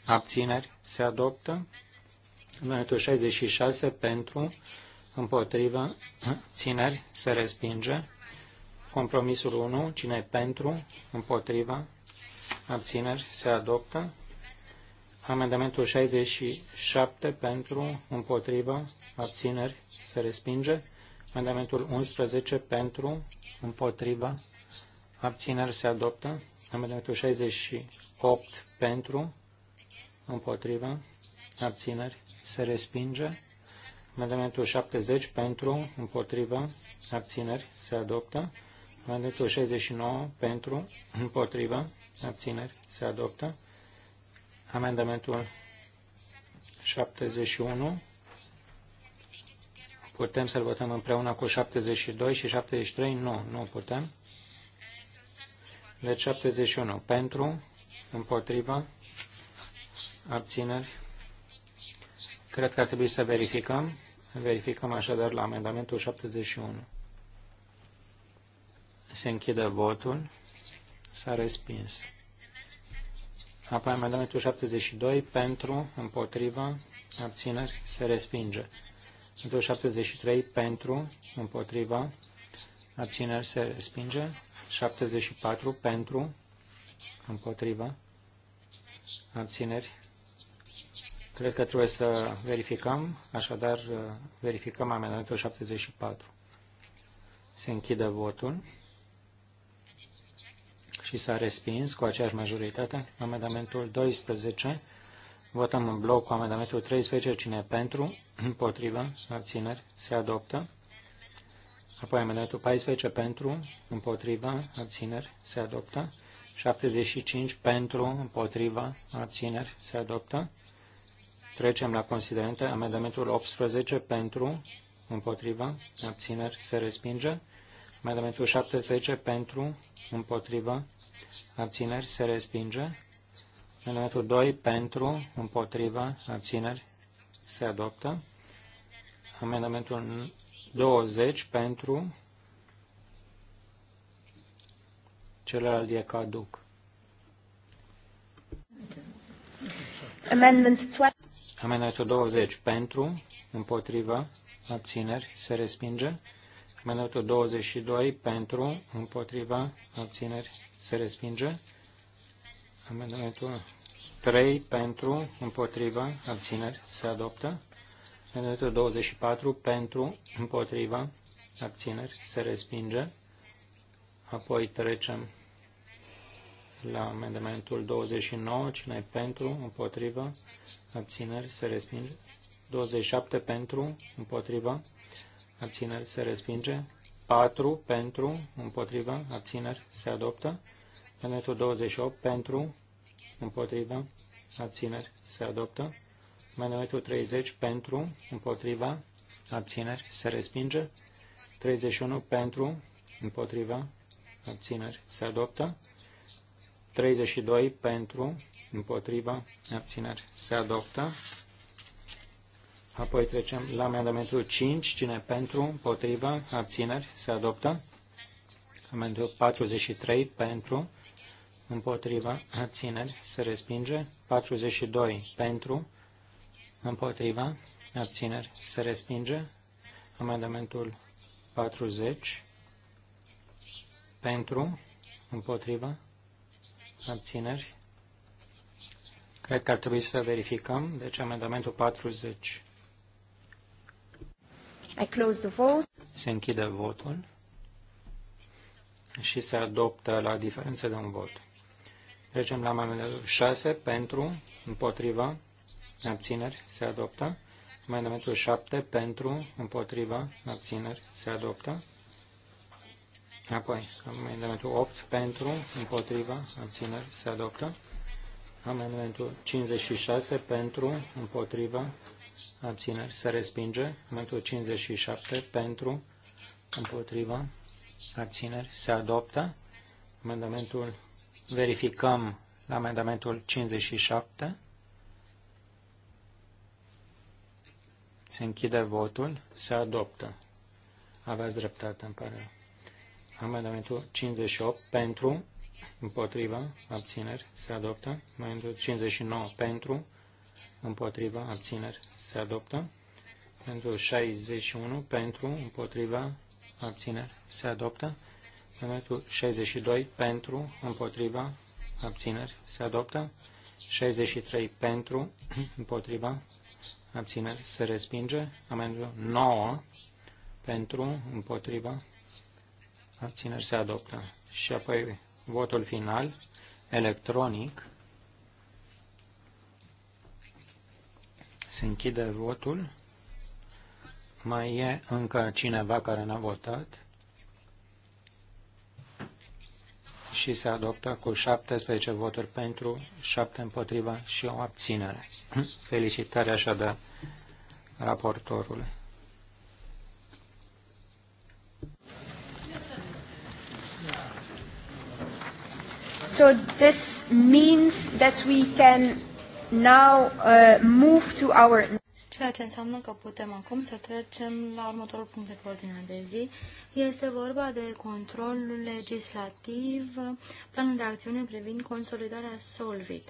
abțineri, se adoptă. Amendamentul 66, pentru, împotriva, țineri, se respinge. Compromisul 1, cine pentru, împotriva, abțineri, se adoptă. Amendamentul 67 pentru, împotrivă, abțineri, se respinge. Amendamentul 11 pentru, împotrivă, abțineri, se adoptă. Amendamentul 68 pentru, împotrivă, abțineri, se respinge. Amendamentul 70 pentru, împotrivă, abțineri, se adoptă. Amendamentul 69 pentru, împotrivă, abțineri, se adoptă. Amendamentul 71. Putem să-l votăm împreună cu 72 și 73? Nu, nu putem. Deci 71. Pentru, împotriva, abțineri. Cred că ar trebui să verificăm. Verificăm așadar la amendamentul 71. Se închide votul. S-a respins. Apoi amendamentul 72 pentru, împotriva, abțineri, se respinge. Amendamentul 73 pentru, împotriva, abțineri, se respinge. 74 pentru, împotriva, abțineri. Cred că trebuie să verificăm, așadar verificăm amendamentul 74. Se închide votul și s-a respins cu aceeași majoritate. Amendamentul 12. Votăm în bloc cu amendamentul 13. Cine pentru? Împotrivă? Abțineri? Se adoptă. Apoi amendamentul 14 pentru, împotriva, abțineri, se adoptă. 75 pentru, împotriva, abțineri, se adoptă. Trecem la considerente. Amendamentul 18 pentru, împotriva, abțineri, se respinge. Amendamentul 17 pentru, împotrivă, abțineri, se respinge. Amendamentul 2 pentru, împotrivă, abțineri, se adoptă. Amendamentul 20 pentru, celălalt e caduc. Amendamentul 20 pentru, împotrivă, abțineri, se respinge. Amendamentul 22 pentru, împotriva, abțineri, se respinge. Amendamentul 3 pentru, împotriva, abțineri, se adoptă. Amendamentul 24 pentru, împotriva, abțineri, se respinge. Apoi trecem la amendamentul 29, cine pentru, împotriva, abțineri, se respinge. 27 pentru, împotriva, abțineri se respinge, 4 pentru, împotrivă, abțineri se adoptă, amendamentul 28 pentru, împotrivă, abțineri se adoptă, amendamentul 30 pentru, împotriva, abțineri se respinge, 31 pentru, împotriva, abțineri se adoptă, 32 pentru, împotriva, abțineri se adoptă. Apoi trecem la amendamentul 5. Cine pentru, împotrivă, abțineri, se adoptă. Amendamentul 43 pentru, împotriva, abțineri, se respinge. 42 pentru, împotriva, abțineri, se respinge. Amendamentul 40 pentru, împotriva, abțineri. Cred că ar trebui să verificăm. Deci amendamentul 40. I close the vote. Se închide votul și se adoptă la diferență de un vot. Trecem la amendamentul 6 pentru, împotriva, abțineri, se adoptă. Amendamentul 7 pentru, împotriva, abțineri, se adoptă. Apoi, amendamentul 8 pentru, împotriva, abțineri, se adoptă. Amendamentul 56 pentru, împotriva, abțineri, se respinge. Amendamentul 57 pentru, împotriva, abțineri, se adoptă. Amendamentul, verificăm la amendamentul 57. Se închide votul, se adoptă. Aveți dreptate, îmi pare. Amendamentul 58 pentru, împotriva, abțineri, se adoptă. Amendamentul 59 pentru, împotriva, abțineri, se adoptă. Pentru 61, pentru, împotriva, abțineri, se adoptă. Pentru 62, pentru, împotriva, abțineri, se adoptă. 63, pentru, împotriva, abțineri, se respinge. Amendul 9, pentru, împotriva, abțineri, se adoptă. Și apoi votul final, electronic, Se închide votul. Mai e încă cineva care n-a votat. Și se adoptă cu 17 voturi pentru, 7 împotriva și o abținere. Felicitări așadar raportorului. So this means that we can now uh, move to our... Ceea ce înseamnă că putem acum să trecem la următorul punct de ordine de zi. Este vorba de controlul legislativ, planul de acțiune privind consolidarea Solvit,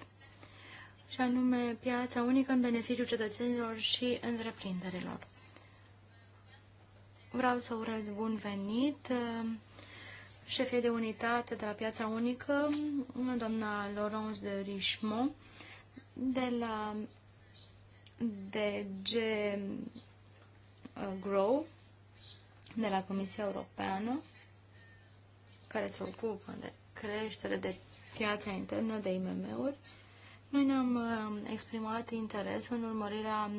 și anume piața unică în beneficiul cetățenilor și întreprinderilor. Vreau să urez bun venit uh, șefie de unitate de la piața unică, doamna Laurence de Richemont, de la DG uh, Grow, de la Comisia Europeană, care se ocupă de creștere, de piața internă, de IMM-uri, noi ne-am uh, exprimat interes în urmărirea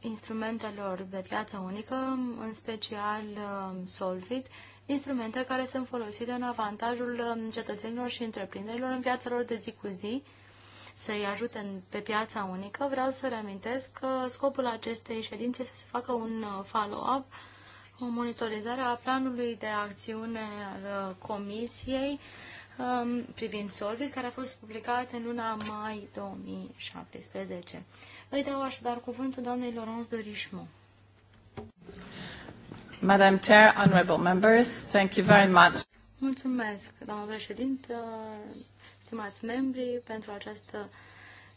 instrumentelor de piață unică, în special uh, Solvit, instrumente care sunt folosite în avantajul cetățenilor și întreprinderilor în viața lor de zi cu zi, să-i ajute pe piața unică, vreau să reamintesc că scopul acestei ședințe este să se facă un uh, follow-up, o monitorizare a planului de acțiune al uh, Comisiei um, privind Solvit, care a fost publicat în luna mai 2017. Îi dau așadar cuvântul doamnei Laurence Dorișmu. Madam Chair, honorable members, thank you very much. Mulțumesc, doamnă președintă, stimați membri, pentru această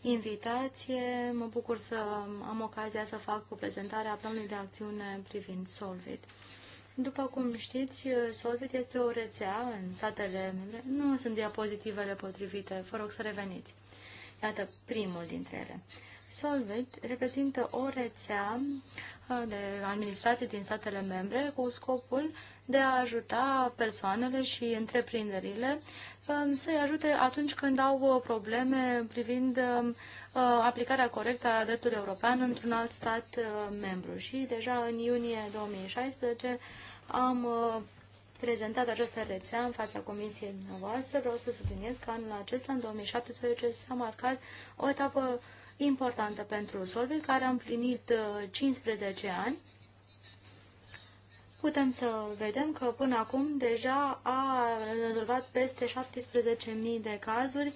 invitație. Mă bucur să am ocazia să fac o prezentare a planului de acțiune privind Solvit. După cum știți, Solvit este o rețea în statele membre. Nu sunt diapozitivele potrivite, vă rog să reveniți. Iată primul dintre ele. Solvit reprezintă o rețea uh, de administrație din statele membre cu scopul de a ajuta persoanele și întreprinderile Um, să-i ajute atunci când au uh, probleme privind um, uh, aplicarea corectă a dreptului european într-un alt stat uh, membru. Și deja în iunie 2016 am prezentat această rețea în fața comisiei noastre. Vreau să subliniez că anul acesta, în 2017, s-a marcat o etapă importantă pentru Solvit, care a împlinit 15 ani putem să vedem că până acum deja a rezolvat peste 17.000 de cazuri.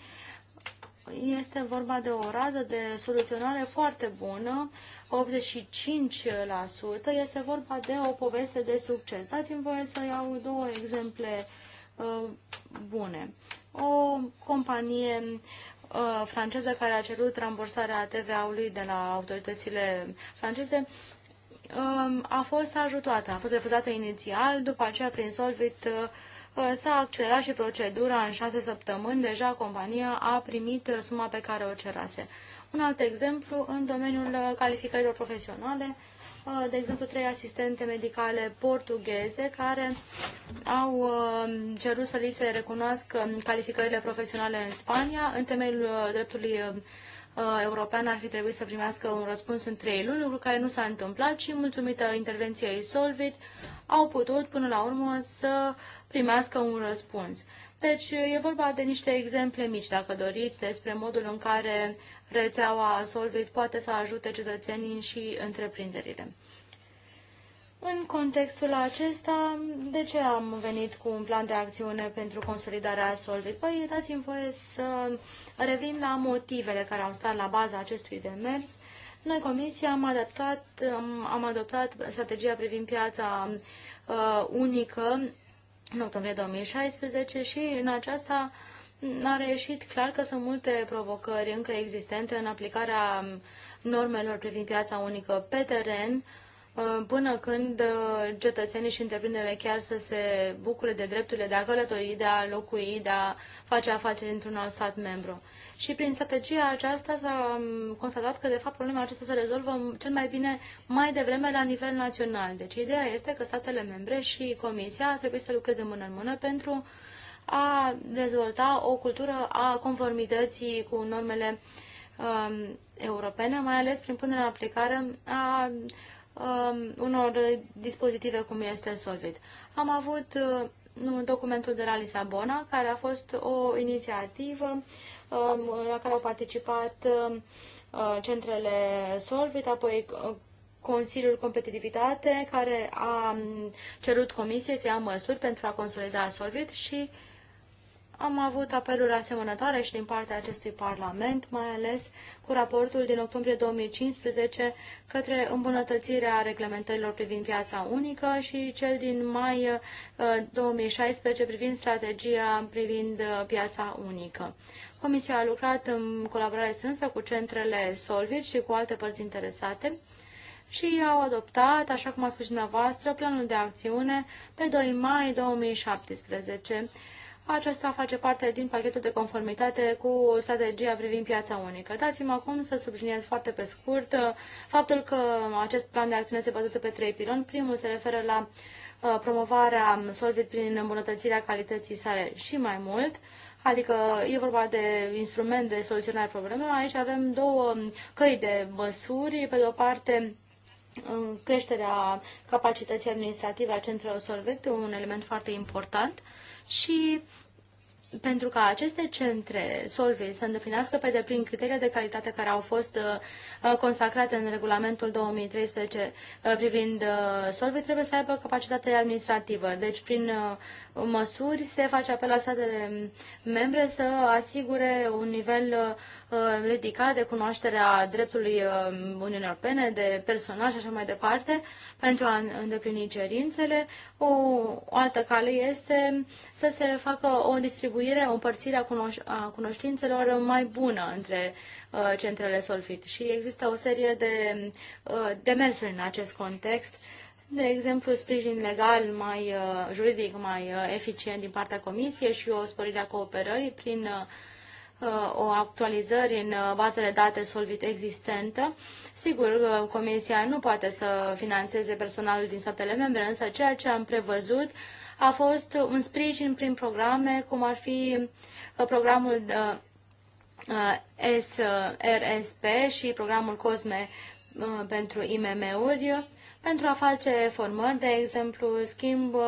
Este vorba de o rază de soluționare foarte bună, 85%. Este vorba de o poveste de succes. Dați-mi voie să iau două exemple uh, bune. O companie uh, franceză care a cerut rambursarea TVA-ului de la autoritățile franceze Um, a fost ajutată. A fost refuzată inițial, după aceea prin Solvit uh, s-a accelerat și procedura în șase săptămâni. Deja compania a primit uh, suma pe care o cerase. Un alt exemplu, în domeniul uh, calificărilor profesionale, de exemplu, trei asistente medicale portugheze care au cerut să li se recunoască calificările profesionale în Spania în temeiul dreptului Uh, european ar fi trebuit să primească un răspuns în trei luni, lucru care nu s-a întâmplat și, mulțumită intervenției Solvit, au putut până la urmă să primească un răspuns. Deci e vorba de niște exemple mici, dacă doriți, despre modul în care rețeaua Solvit poate să ajute cetățenii și întreprinderile. În contextul acesta, de ce am venit cu un plan de acțiune pentru consolidarea Solvit? Păi dați-mi voie să revin la motivele care au stat la baza acestui demers. Noi, Comisia, am adaptat, am adoptat strategia privind piața uh, unică în octombrie 2016 și în aceasta a reieșit clar că sunt multe provocări încă existente în aplicarea normelor privind piața unică pe teren, uh, Uh, până când uh, cetățenii și întreprinderile chiar să se bucure de drepturile de a călători, de a locui, de a face afaceri într-un alt stat membru. Și prin strategia aceasta s-a um, constatat că, de fapt, problema aceasta se rezolvă cel mai bine mai devreme la nivel național. Deci ideea este că statele membre și Comisia trebuie să lucreze mână în mână pentru a dezvolta o cultură a conformității cu normele um, europene, mai ales prin punerea în aplicare a um, unor dispozitive cum este Solvit. Am avut uh, documentul de la Lisabona, care a fost o inițiativă um, la care au participat um, uh, centrele Solvit, apoi uh, Consiliul Competitivitate, care a um, cerut comisiei să ia măsuri pentru a consolida Solvit și am avut apeluri asemănătoare și din partea acestui Parlament, mai ales cu raportul din octombrie 2015 către îmbunătățirea reglementărilor privind piața unică și cel din mai 2016 uh, privind strategia privind uh, piața unică. Comisia a lucrat în colaborare strânsă cu centrele Solvit și cu alte părți interesate și au adoptat, așa cum a spus dumneavoastră, planul de acțiune pe 2 mai 2017 acesta face parte din pachetul de conformitate cu strategia privind piața unică. Dați-mi acum să subliniez foarte pe scurt uh, faptul că acest plan de acțiune se bazează pe trei piloni. Primul se referă la uh, promovarea Solvit prin îmbunătățirea calității sale și mai mult, adică e vorba de instrument de soluționare problemelor. Aici avem două căi de măsuri. Pe de o parte, creșterea capacității administrative a centrelor Solvit, un element foarte important, și pentru ca aceste centre solvi să îndeplinească pe deplin criteriile de calitate care au fost uh, uh, consacrate în regulamentul 2013 uh, privind solvi trebuie să aibă capacitate administrativă. Deci, prin măsuri se face apel la statele mm, membre să asigure un nivel Uh, ridicat de cunoașterea dreptului uh, Uniunii Europene, de personal și așa mai departe, pentru a îndeplini cerințele. O, o altă cale este să se facă o distribuire, o împărțire a, cunoș- a cunoștințelor mai bună între uh, centrele Solfit. Și există o serie de uh, demersuri în acest context de exemplu, sprijin legal mai uh, juridic, mai eficient din partea Comisiei și o sporire a cooperării prin uh, Uh, o actualizări în uh, bazele date Solvit existentă. Sigur, uh, Comisia nu poate să financeze personalul din statele membre, însă ceea ce am prevăzut a fost un sprijin prin programe, cum ar fi programul SRSP și programul COSME pentru IMM-uri pentru a face formări, de exemplu, schimb uh,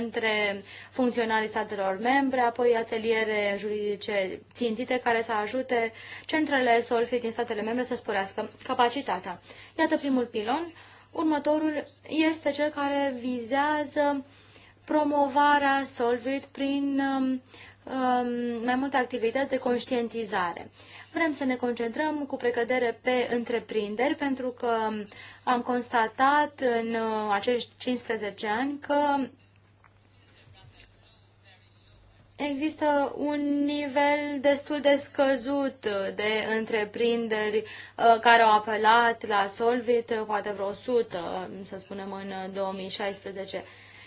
între funcționarii statelor membre, apoi ateliere juridice țintite care să ajute centrele solfi din statele membre să sporească capacitatea. Iată primul pilon. Următorul este cel care vizează promovarea Solvit prin um, um, mai multe activități de conștientizare. Vrem să ne concentrăm cu precădere pe întreprinderi, pentru că um, am constatat în uh, acești 15 ani că Există un nivel destul de scăzut de întreprinderi uh, care au apelat la Solvit, uh, poate vreo 100, să spunem, în 2016.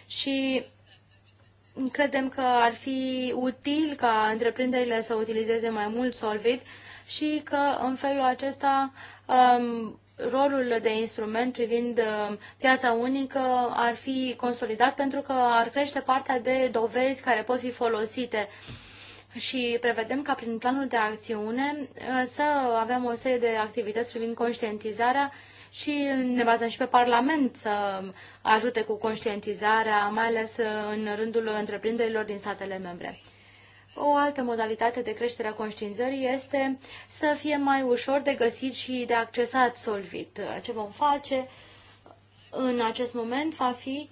Și credem că ar fi util ca întreprinderile să utilizeze mai mult Solvit și că în felul acesta um, rolul de instrument privind uh, piața unică ar fi consolidat pentru că ar crește partea de dovezi care pot fi folosite și prevedem ca prin planul de acțiune uh, să avem o serie de activități privind conștientizarea și ne bazăm și pe Parlament să ajute cu conștientizarea, mai ales uh, în rândul întreprinderilor din statele membre. O altă modalitate de creștere a conștiințării este să fie mai ușor de găsit și de accesat Solvit. Ce vom face în acest moment va fi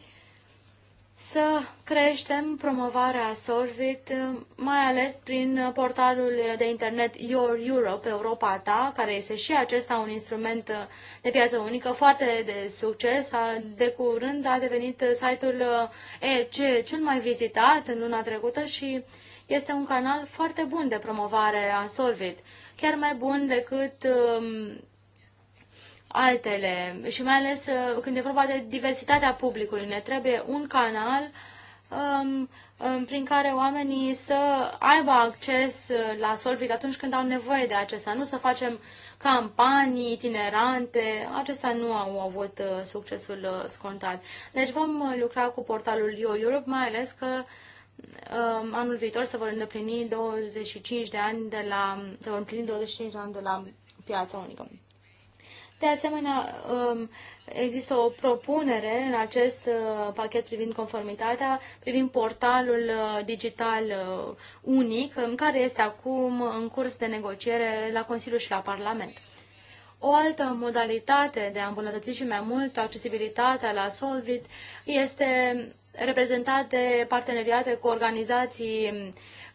să creștem promovarea Solvit, mai ales prin portalul de internet Your Europe, Europa ta, care este și acesta un instrument de piață unică foarte de succes. De curând a devenit site-ul EC cel mai vizitat în luna trecută și uh, este un canal foarte bun de promovare a Solvit, chiar mai bun decât um, altele și mai ales uh, când e vorba de diversitatea publicului. Ne trebuie un canal um, um, prin care oamenii să aibă acces uh, la Solvit atunci când au nevoie de acesta, nu să facem campanii itinerante, acestea nu au avut uh, succesul uh, scontat. Deci vom lucra cu portalul Yo Europe, mai ales că uh, Um, anul viitor se vor îndeplini 25 de ani de la, se vor împlini 25 de ani de la piața unică. De asemenea, um, există o propunere în acest uh, pachet privind conformitatea, privind portalul uh, digital uh, unic, în um, care este acum în curs de negociere la Consiliu și la Parlament. O altă modalitate de a îmbunătăți și mai mult accesibilitatea la Solvit este reprezentat de parteneriate cu organizații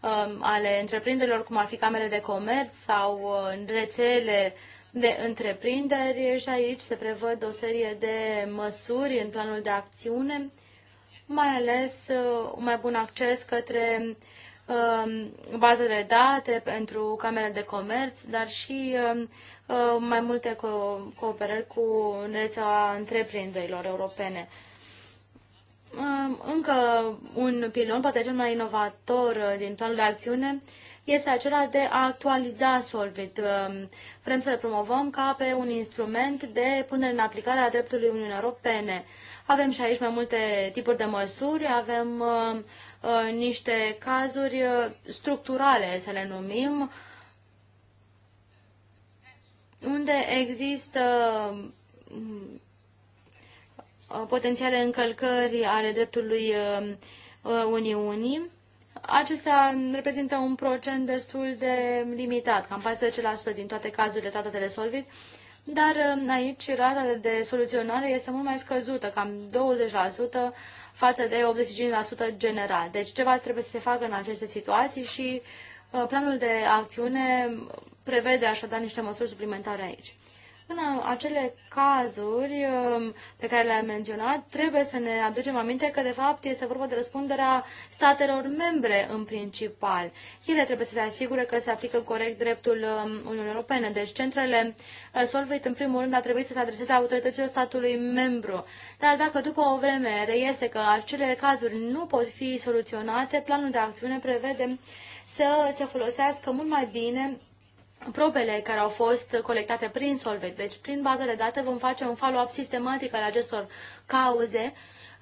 um, ale întreprinderilor, cum ar fi camere de comerț sau uh, rețele de întreprinderi și aici se prevăd o serie de măsuri în planul de acțiune, mai ales uh, un mai bun acces către um, bazele de date pentru camerele de comerț, dar și um, uh, mai multe cooperări cu rețeaua întreprinderilor europene. Încă un pilon, poate cel mai inovator uh, din planul de acțiune, este acela de a actualiza Solvit. Um, vrem să-l promovăm ca pe un instrument de punere în aplicare a dreptului Uniunii Europene. Avem și aici mai multe tipuri de măsuri, avem um, uh, niște cazuri uh, structurale, să le numim, unde există um, Uh, potențiale încălcări ale dreptului uh, uh, Uniunii. Acestea reprezintă un procent destul de limitat, cam 14% din toate cazurile toate de resolvit, dar aici rata de soluționare este mult mai scăzută, cam 20% față de 85% general. Deci ceva trebuie să se facă în aceste situații și planul de acțiune prevede așadar niște măsuri suplimentare aici. În acele cazuri um, pe care le-am menționat, trebuie să ne aducem aminte că, de fapt, este vorba de răspunderea statelor membre în principal. Ele trebuie să se asigure că se aplică corect dreptul um, Uniunii Europene. Deci, centrele uh, Solvit, în primul rând, ar trebui să se adreseze autorităților statului membru. Dar dacă după o vreme reiese că acele cazuri nu pot fi soluționate, planul de acțiune prevede să se folosească mult mai bine probele care au fost colectate prin Solvit. Deci, prin baza de date vom face un follow-up sistematic al acestor cauze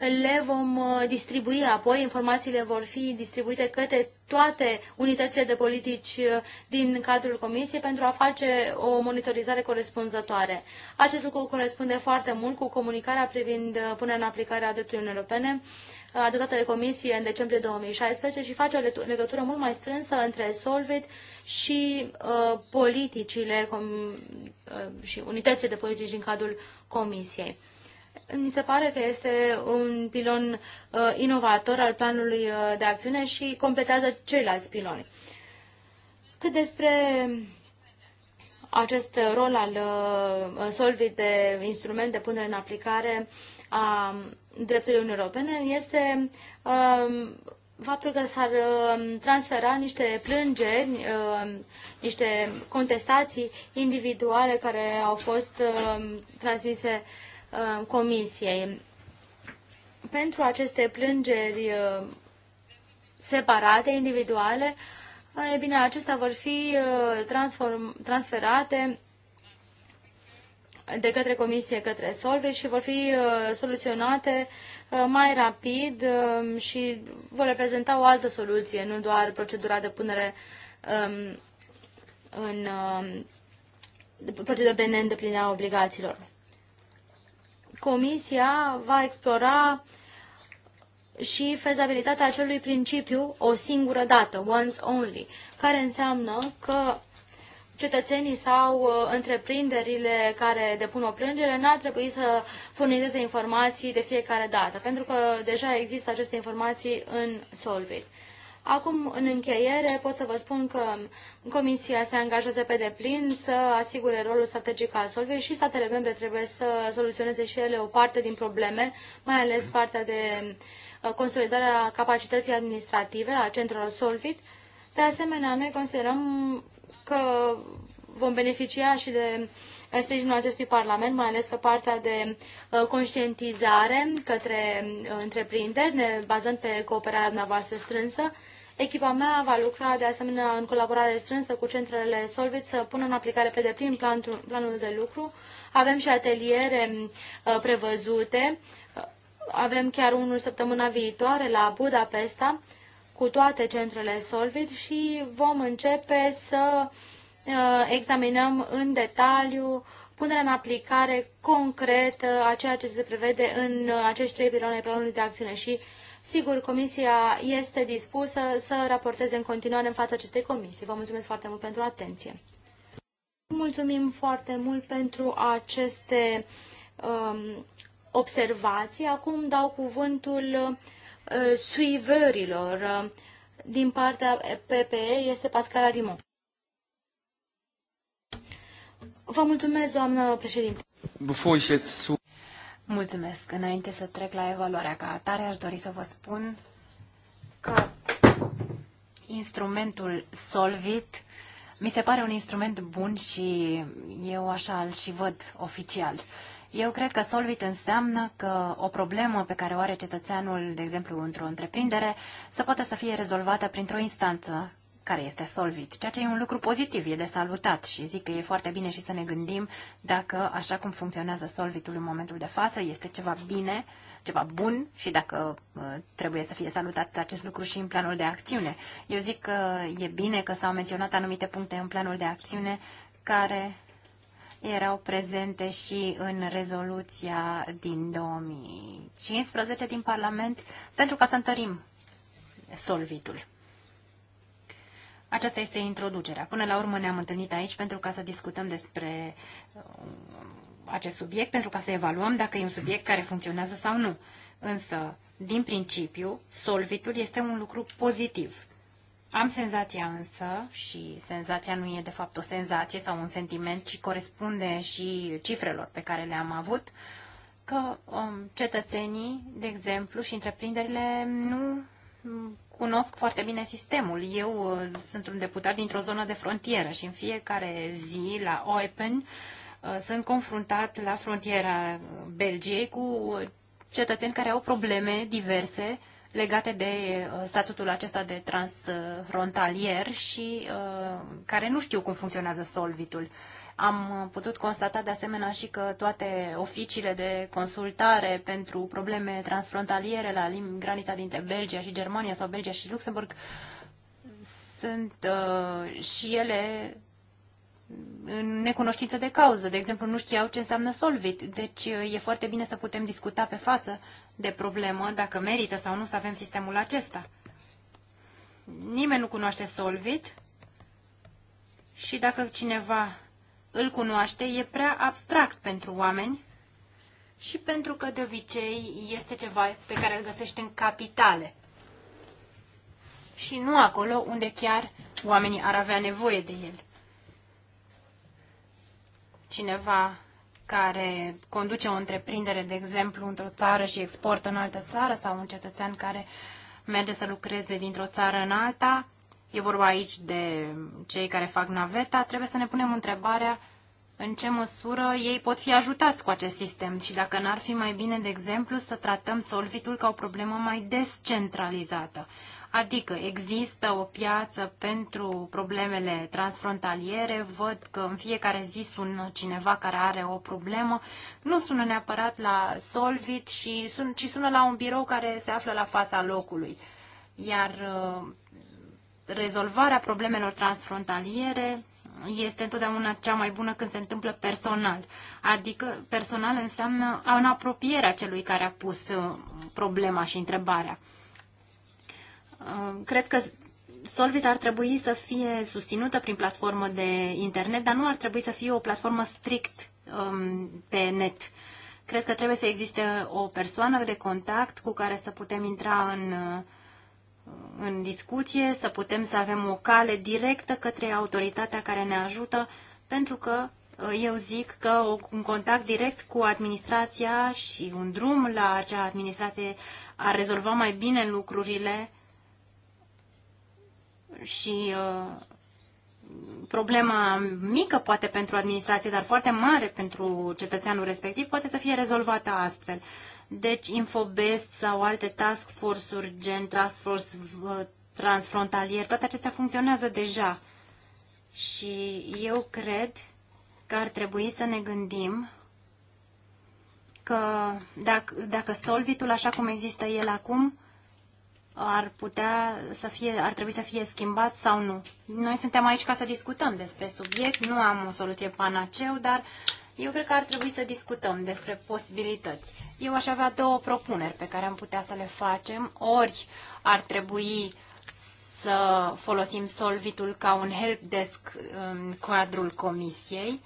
le vom uh, distribui apoi. Informațiile vor fi distribuite către toate unitățile de politici uh, din cadrul Comisiei pentru a face o monitorizare corespunzătoare. Acest lucru corespunde foarte mult cu comunicarea privind uh, punerea în aplicare a dreptului Uniunii Europene adoptată de Comisie în decembrie 2016 și face o legătură mult mai strânsă între Solvit și uh, politicile com, uh, și unitățile de politici din cadrul Comisiei mi se pare că este un pilon uh, inovator al planului uh, de acțiune și completează ceilalți piloni. Cât despre acest rol al uh, Solvit de instrument de punere în aplicare a dreptului Uniunii Europene, este uh, faptul că s-ar um, transfera niște plângeri, um, niște contestații individuale care au fost transmise Uh, comisiei. Pentru aceste plângeri uh, separate, individuale, uh, e bine, acestea vor fi transferate de către Comisie către Solve și vor fi soluționate mai rapid um, și vor reprezenta o altă soluție, nu doar procedura de punere um, în um, procedura de neîndeplinire a obligațiilor. Comisia va explora și fezabilitatea acelui principiu o singură dată, once only, care înseamnă că cetățenii sau uh, întreprinderile care depun o plângere n-ar trebui să furnizeze informații de fiecare dată, pentru că deja există aceste informații în Solvit. Acum, în încheiere, pot să vă spun că Comisia se angajează pe deplin să asigure rolul strategic al Solvei și statele membre trebuie să soluționeze și ele o parte din probleme, mai ales partea de uh, consolidarea capacității administrative a centrelor Solvit. De asemenea, ne considerăm că vom beneficia și de uh, în sprijinul acestui Parlament, mai ales pe partea de uh, conștientizare către uh, întreprinderi, ne bazând pe cooperarea dumneavoastră strânsă. Echipa mea va lucra de asemenea în colaborare strânsă cu centrele Solvit să pună în aplicare pe deplin planul, de lucru. Avem și ateliere uh, prevăzute. Avem chiar unul săptămâna viitoare la Budapesta cu toate centrele Solvit și vom începe să uh, Uh, examinăm în detaliu punerea în aplicare concretă a ceea ce se prevede în uh, acești trei piloni ai planului de acțiune și Sigur, Comisia este dispusă să raporteze în continuare în fața acestei comisii. Vă mulțumesc foarte mult pentru atenție. Mulțumim foarte mult pentru aceste um, observații. Acum dau cuvântul uh, suivărilor. Din partea PPE este Pascal Arimont. Vă mulțumesc, doamnă președinte. Mulțumesc. Înainte să trec la evaluarea ca atare, aș dori să vă spun că instrumentul Solvit mi se pare un instrument bun și eu așa îl și văd oficial. Eu cred că Solvit înseamnă că o problemă pe care o are cetățeanul, de exemplu, într-o întreprindere, să poată să fie rezolvată printr-o instanță care este solvit, ceea ce e un lucru pozitiv, e de salutat și zic că e foarte bine și să ne gândim dacă așa cum funcționează solvitul în momentul de față este ceva bine, ceva bun și dacă uh, trebuie să fie salutat acest lucru și în planul de acțiune. Eu zic că e bine că s-au menționat anumite puncte în planul de acțiune care erau prezente și în rezoluția din 2015 din Parlament pentru ca să întărim solvitul. Aceasta este introducerea. Până la urmă ne-am întâlnit aici pentru ca să discutăm despre uh, acest subiect, pentru ca să evaluăm dacă e un subiect care funcționează sau nu. Însă, din principiu, solvitul este un lucru pozitiv. Am senzația însă, și senzația nu e de fapt o senzație sau un sentiment, ci corespunde și cifrelor pe care le-am avut, că um, cetățenii, de exemplu, și întreprinderile nu cunosc foarte bine sistemul. Eu uh, sunt un deputat dintr-o zonă de frontieră și în fiecare zi la Open uh, sunt confruntat la frontiera Belgiei cu cetățeni care au probleme diverse legate de uh, statutul acesta de transfrontalier și care nu știu cum funcționează solvitul. Am putut constata de asemenea și că toate oficiile de consultare pentru probleme transfrontaliere la granița dintre Belgia și Germania sau Belgia și Luxemburg sunt uh, și ele în necunoștință de cauză. De exemplu, nu știau ce înseamnă solvit. Deci uh, e foarte bine să putem discuta pe față de problemă dacă merită sau nu să avem sistemul acesta. Nimeni nu cunoaște solvit și dacă cineva îl cunoaște e prea abstract pentru oameni și pentru că de obicei este ceva pe care îl găsește în capitale și nu acolo unde chiar oamenii ar avea nevoie de el. Cineva care conduce o întreprindere, de exemplu, într-o țară și exportă în altă țară sau un cetățean care merge să lucreze dintr-o țară în alta, e vorba aici de cei care fac naveta, trebuie să ne punem întrebarea în ce măsură ei pot fi ajutați cu acest sistem și dacă n-ar fi mai bine, de exemplu, să tratăm solvitul ca o problemă mai descentralizată. Adică există o piață pentru problemele transfrontaliere, văd că în fiecare zi sună cineva care are o problemă, nu sună neapărat la Solvit, ci sună la un birou care se află la fața locului. Iar uh, rezolvarea problemelor transfrontaliere este întotdeauna cea mai bună când se întâmplă personal. Adică personal înseamnă în apropierea celui care a pus uh, problema și întrebarea. Uh, cred că Solvit ar trebui să fie susținută prin platformă de internet, dar nu ar trebui să fie o platformă strict um, pe net. Cred că trebuie să existe o persoană de contact cu care să putem intra în uh, în discuție, să putem să avem o cale directă către autoritatea care ne ajută, pentru că uh, eu zic că un contact direct cu administrația și un drum la acea administrație ar rezolva mai bine lucrurile și uh, problema mică poate pentru administrație, dar foarte mare pentru cetățeanul respectiv, poate să fie rezolvată astfel. Deci Infobest sau alte task force-uri gen task force transfrontalier, toate acestea funcționează deja. Și eu cred că ar trebui să ne gândim că dacă, dacă solvitul așa cum există el acum ar putea să fie, ar trebui să fie schimbat sau nu. Noi suntem aici ca să discutăm despre subiect, nu am o soluție panaceu, dar uh, eu cred că ar trebui să discutăm despre posibilități. Eu aș avea două propuneri pe care am putea să le facem. Ori ar trebui să folosim Solvitul ca un helpdesk în cadrul comisiei,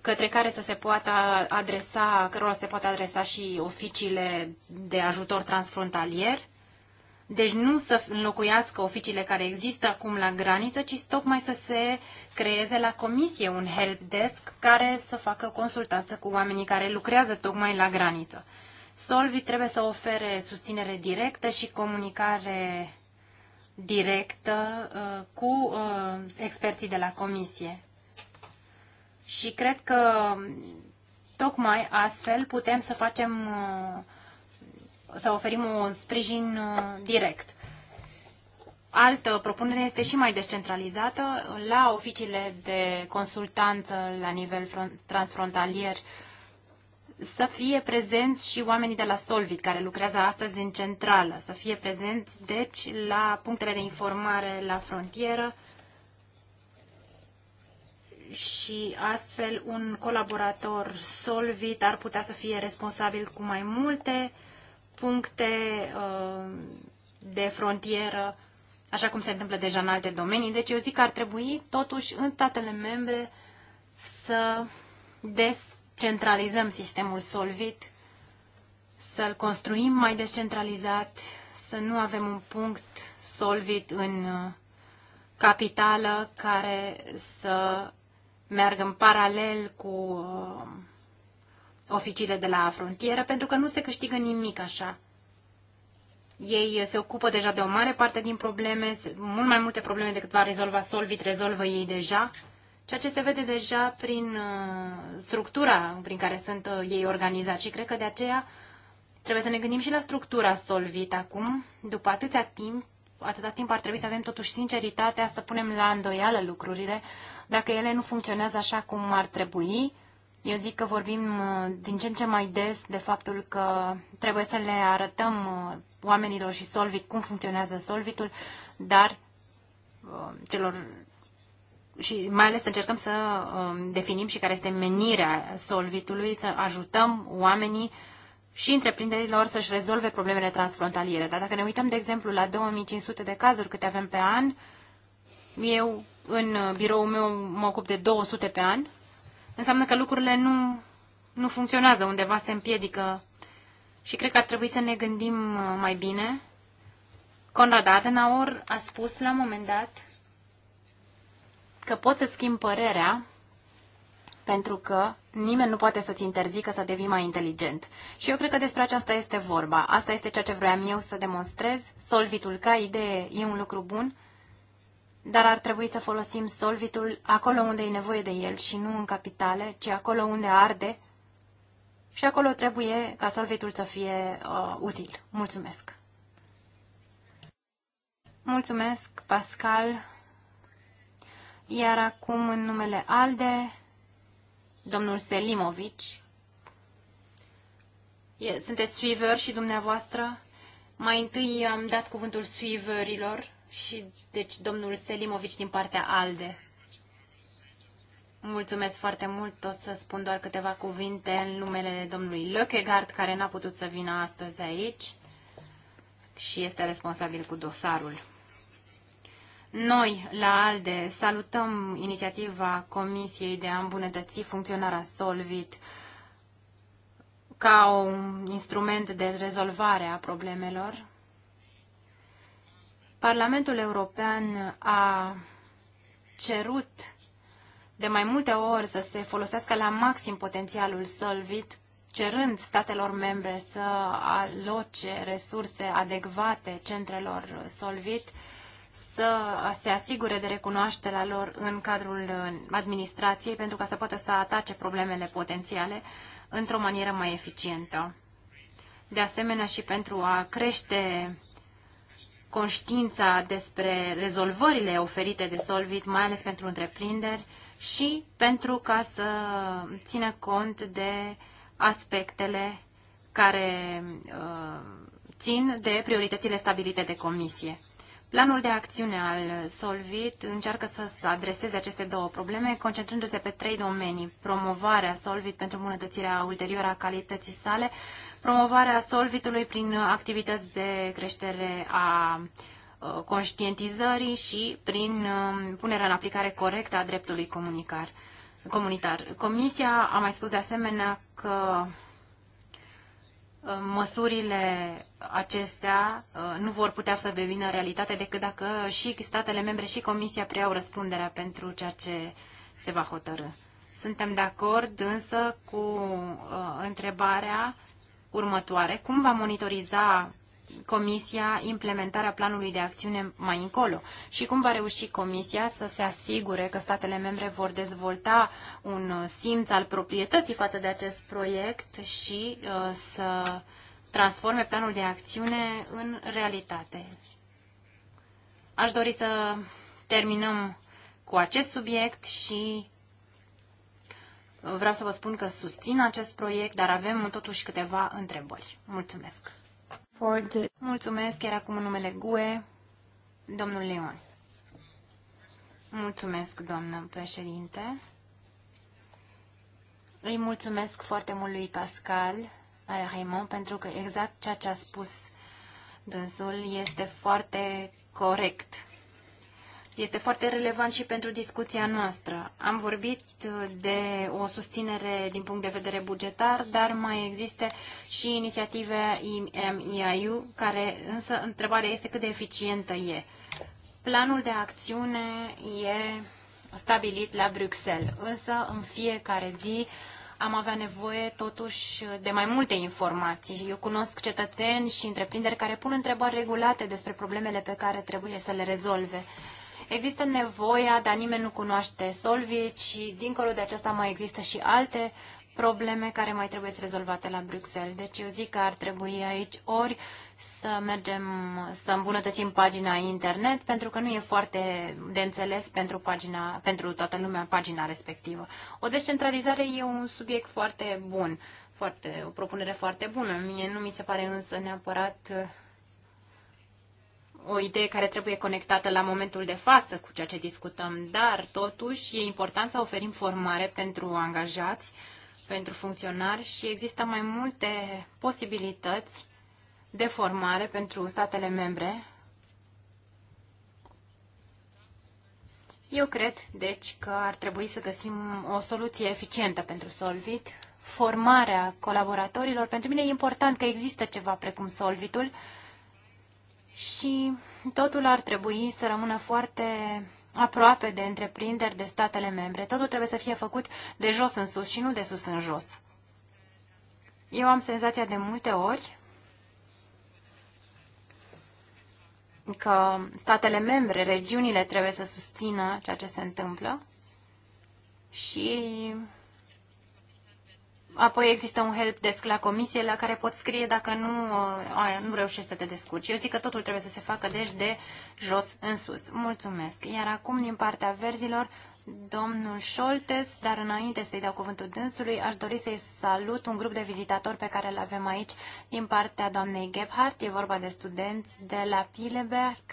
către care să se poată adresa, cărora se poate adresa și oficiile de ajutor transfrontalier. Deci nu să înlocuiască oficiile care există acum la graniță, ci tocmai să se creeze la comisie un helpdesk care să facă consultață cu oamenii care lucrează tocmai la graniță. Solvi trebuie să ofere susținere directă și comunicare directă uh, cu uh, experții de la comisie. Și cred că tocmai astfel putem să facem, uh, să oferim un sprijin direct altă propunere este și mai descentralizată la oficiile de consultanță la nivel transfrontalier să fie prezenți și oamenii de la Solvit care lucrează astăzi din centrală, să fie prezenți deci la punctele de informare la frontieră și astfel un colaborator Solvit ar putea să fie responsabil cu mai multe puncte uh, de frontieră așa cum se întâmplă deja în alte domenii. Deci eu zic că ar trebui totuși în statele membre să descentralizăm sistemul solvit, să-l construim mai descentralizat, să nu avem un punct solvit în uh, capitală care să meargă în paralel cu uh, oficiile de la frontieră, pentru că nu se câștigă nimic așa. Ei se ocupă deja de o mare parte din probleme, mult mai multe probleme decât va rezolva Solvit, rezolvă ei deja, ceea ce se vede deja prin uh, structura prin care sunt uh, ei organizați. Și cred că de aceea trebuie să ne gândim și la structura Solvit acum, după atâția timp, atâta timp ar trebui să avem totuși sinceritatea să punem la îndoială lucrurile, dacă ele nu funcționează așa cum ar trebui, eu zic că vorbim uh, din ce în ce mai des de faptul că trebuie să le arătăm uh, oamenilor și Solvit cum funcționează Solvitul, dar uh, celor și mai ales să încercăm să um, definim și care este menirea Solvitului, să ajutăm oamenii și întreprinderilor să-și rezolve problemele transfrontaliere. Dar dacă ne uităm, de exemplu, la 2500 de cazuri câte avem pe an, eu în biroul meu mă ocup de 200 pe an înseamnă că lucrurile nu, nu funcționează, undeva se împiedică și cred că ar trebui să ne gândim uh, mai bine. Conrad Adenauer a spus la un moment dat că poți să schimbi părerea pentru că nimeni nu poate să-ți interzică să devii mai inteligent. Și eu cred că despre aceasta este vorba. Asta este ceea ce vroiam eu să demonstrez. Solvitul ca idee e un lucru bun, dar ar trebui să folosim solvitul acolo unde e nevoie de el și nu în capitale, ci acolo unde arde și acolo trebuie ca solvitul să fie uh, util. Mulțumesc! Mulțumesc, Pascal! Iar acum, în numele ALDE, domnul Selimovici. Sunteți suiveri și dumneavoastră? Mai întâi am dat cuvântul suiverilor și deci domnul Selimovici din partea ALDE. Mulțumesc foarte mult, o să spun doar câteva cuvinte în numele domnului Lökegard, care n-a putut să vină astăzi aici și este responsabil cu dosarul. Noi, la ALDE, salutăm inițiativa Comisiei de a îmbunătăți funcționarea Solvit ca un instrument de rezolvare a problemelor Parlamentul European a cerut de mai multe ori să se folosească la maxim potențialul Solvit, cerând statelor membre să aloce resurse adecvate centrelor Solvit, să se asigure de recunoașterea lor în cadrul administrației pentru ca să poată să atace problemele potențiale într-o manieră mai eficientă. De asemenea și pentru a crește conștiința despre rezolvările oferite de Solvit, mai ales pentru întreprinderi și pentru ca să țină cont de aspectele care uh, țin de prioritățile stabilite de comisie. Planul de acțiune al Solvit încearcă să adreseze aceste două probleme, concentrându-se pe trei domenii. Promovarea Solvit pentru îmbunătățirea ulterioară a calității sale, promovarea Solvitului prin activități de creștere a ă, conștientizării și prin ă, punerea în aplicare corectă a dreptului comunicar, comunitar. Comisia a mai spus de asemenea că Ă, măsurile acestea ă, nu vor putea să devină realitate decât dacă și statele membre și Comisia preiau răspunderea pentru ceea ce se va hotărâ. Suntem de acord însă cu ă, întrebarea următoare. Cum va monitoriza Comisia implementarea planului de acțiune mai încolo și cum va reuși Comisia să se asigure că statele membre vor dezvolta un simț al proprietății față de acest proiect și uh, să transforme planul de acțiune în realitate. Aș dori să terminăm cu acest subiect și vreau să vă spun că susțin acest proiect, dar avem totuși câteva întrebări. Mulțumesc! Ford. Mulțumesc chiar acum numele GUE, domnul Leon. Mulțumesc, doamnă președinte. Îi mulțumesc foarte mult lui Pascal Raymond pentru că exact ceea ce a spus dânsul este foarte corect este foarte relevant și pentru discuția noastră. Am vorbit uh, de o susținere din punct de vedere bugetar, dar mai există și inițiative IMIAU, care însă întrebarea este cât de eficientă e. Planul de acțiune e stabilit la Bruxelles, însă în fiecare zi am avea nevoie totuși de mai multe informații. Eu cunosc cetățeni și întreprinderi care pun întrebări regulate despre problemele pe care trebuie să le rezolve. Există nevoia, dar nimeni nu cunoaște Solvit și dincolo de aceasta mai există și alte probleme care mai trebuie să rezolvate la Bruxelles. Deci eu zic că ar trebui aici ori să mergem să îmbunătățim pagina internet, pentru că nu e foarte de înțeles pentru, pagina, pentru toată lumea pagina respectivă. O descentralizare e un subiect foarte bun, foarte, o propunere foarte bună. Mie nu mi se pare însă neapărat o idee care trebuie conectată la momentul de față cu ceea ce discutăm, dar totuși e important să oferim formare pentru angajați, pentru funcționari și există mai multe posibilități de formare pentru statele membre. Eu cred, deci, că ar trebui să găsim o soluție eficientă pentru Solvit. Formarea colaboratorilor, pentru mine e important că există ceva precum Solvitul, și totul ar trebui să rămână foarte aproape de întreprinderi, de statele membre. Totul trebuie să fie făcut de jos în sus și nu de sus în jos. Eu am senzația de multe ori că statele membre, regiunile trebuie să susțină ceea ce se întâmplă și Apoi există un help desk la comisie la care poți scrie dacă nu, nu reușești să te descurci. Eu zic că totul trebuie să se facă deci de jos în sus. Mulțumesc. Iar acum din partea verzilor, domnul Scholtes, dar înainte să-i dau cuvântul dânsului, aș dori să-i salut un grup de vizitatori pe care îl avem aici din partea doamnei Gebhardt. E vorba de studenți de la Pileberg.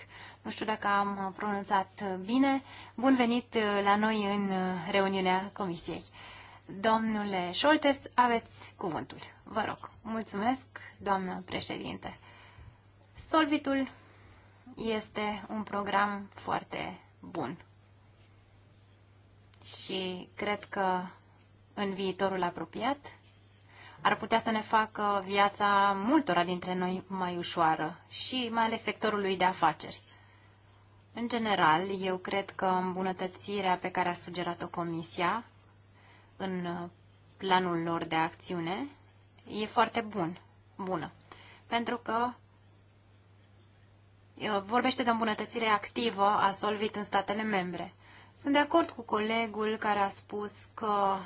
Nu știu dacă am pronunțat bine. Bun venit uh, la noi în uh, reuniunea comisiei. Domnule Șolteț, aveți cuvântul. Vă rog. Mulțumesc, doamnă președinte. Solvitul este un program foarte bun. Și cred că în viitorul apropiat ar putea să ne facă viața multora dintre noi mai ușoară și mai ales sectorului de afaceri. În general, eu cred că îmbunătățirea pe care a sugerat-o Comisia în uh, planul lor de acțiune e foarte bun, bună. Pentru că uh, vorbește de îmbunătățire activă a Solvit în statele membre. Sunt de acord cu colegul care a spus că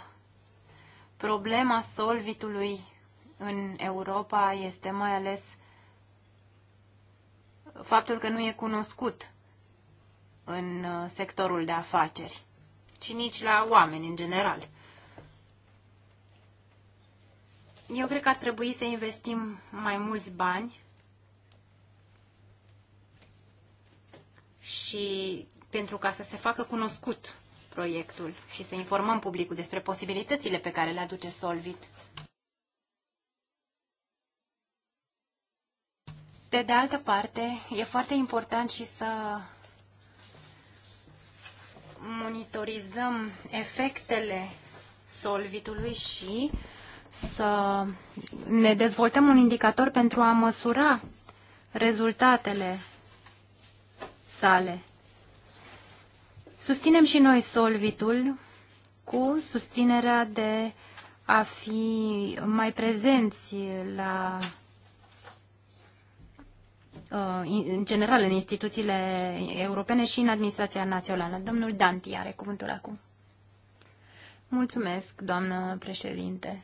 problema Solvitului în Europa este mai ales faptul că nu e cunoscut în uh, sectorul de afaceri și nici la oameni în general. Eu cred că ar trebui să investim mai mulți bani și pentru ca să se facă cunoscut proiectul și să informăm publicul despre posibilitățile pe care le aduce Solvit. Pe de altă parte, e foarte important și să monitorizăm efectele solvitului și să ne dezvoltăm un indicator pentru a măsura rezultatele sale. Susținem și noi solvitul cu susținerea de a fi mai prezenți la uh, în general în instituțiile europene și în administrația națională. Domnul Danti are cuvântul acum. Mulțumesc, doamnă președinte.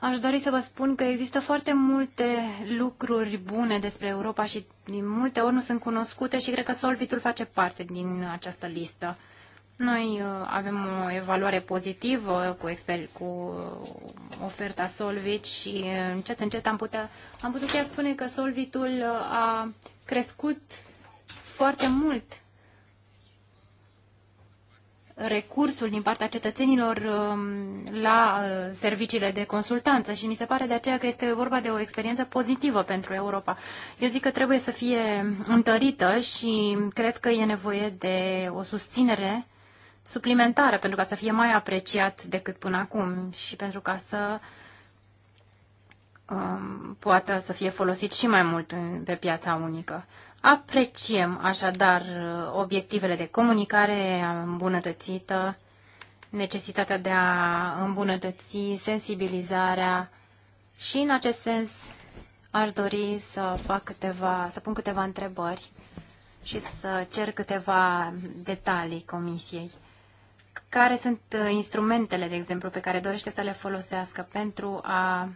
Aș dori să vă spun că există foarte multe lucruri bune despre Europa și din multe ori nu sunt cunoscute și cred că Solvitul face parte din această listă. Noi uh, avem o evaluare pozitivă cu, exper- cu oferta Solvit și încet, încet am, putea, am putut chiar spune că Solvitul uh, a crescut foarte mult recursul din partea cetățenilor um, la uh, serviciile de consultanță și mi se pare de aceea că este vorba de o experiență pozitivă pentru Europa. Eu zic că trebuie să fie întărită și cred că e nevoie de o susținere suplimentară pentru ca să fie mai apreciat decât până acum și pentru ca să um, poată să fie folosit și mai mult în, pe piața unică. Apreciem așadar uh, obiectivele de comunicare îmbunătățită, necesitatea de a îmbunătăți sensibilizarea și în acest sens aș dori să fac câteva, să pun câteva întrebări și să cer câteva detalii comisiei. Care sunt uh, instrumentele, de exemplu, pe care dorește să le folosească pentru a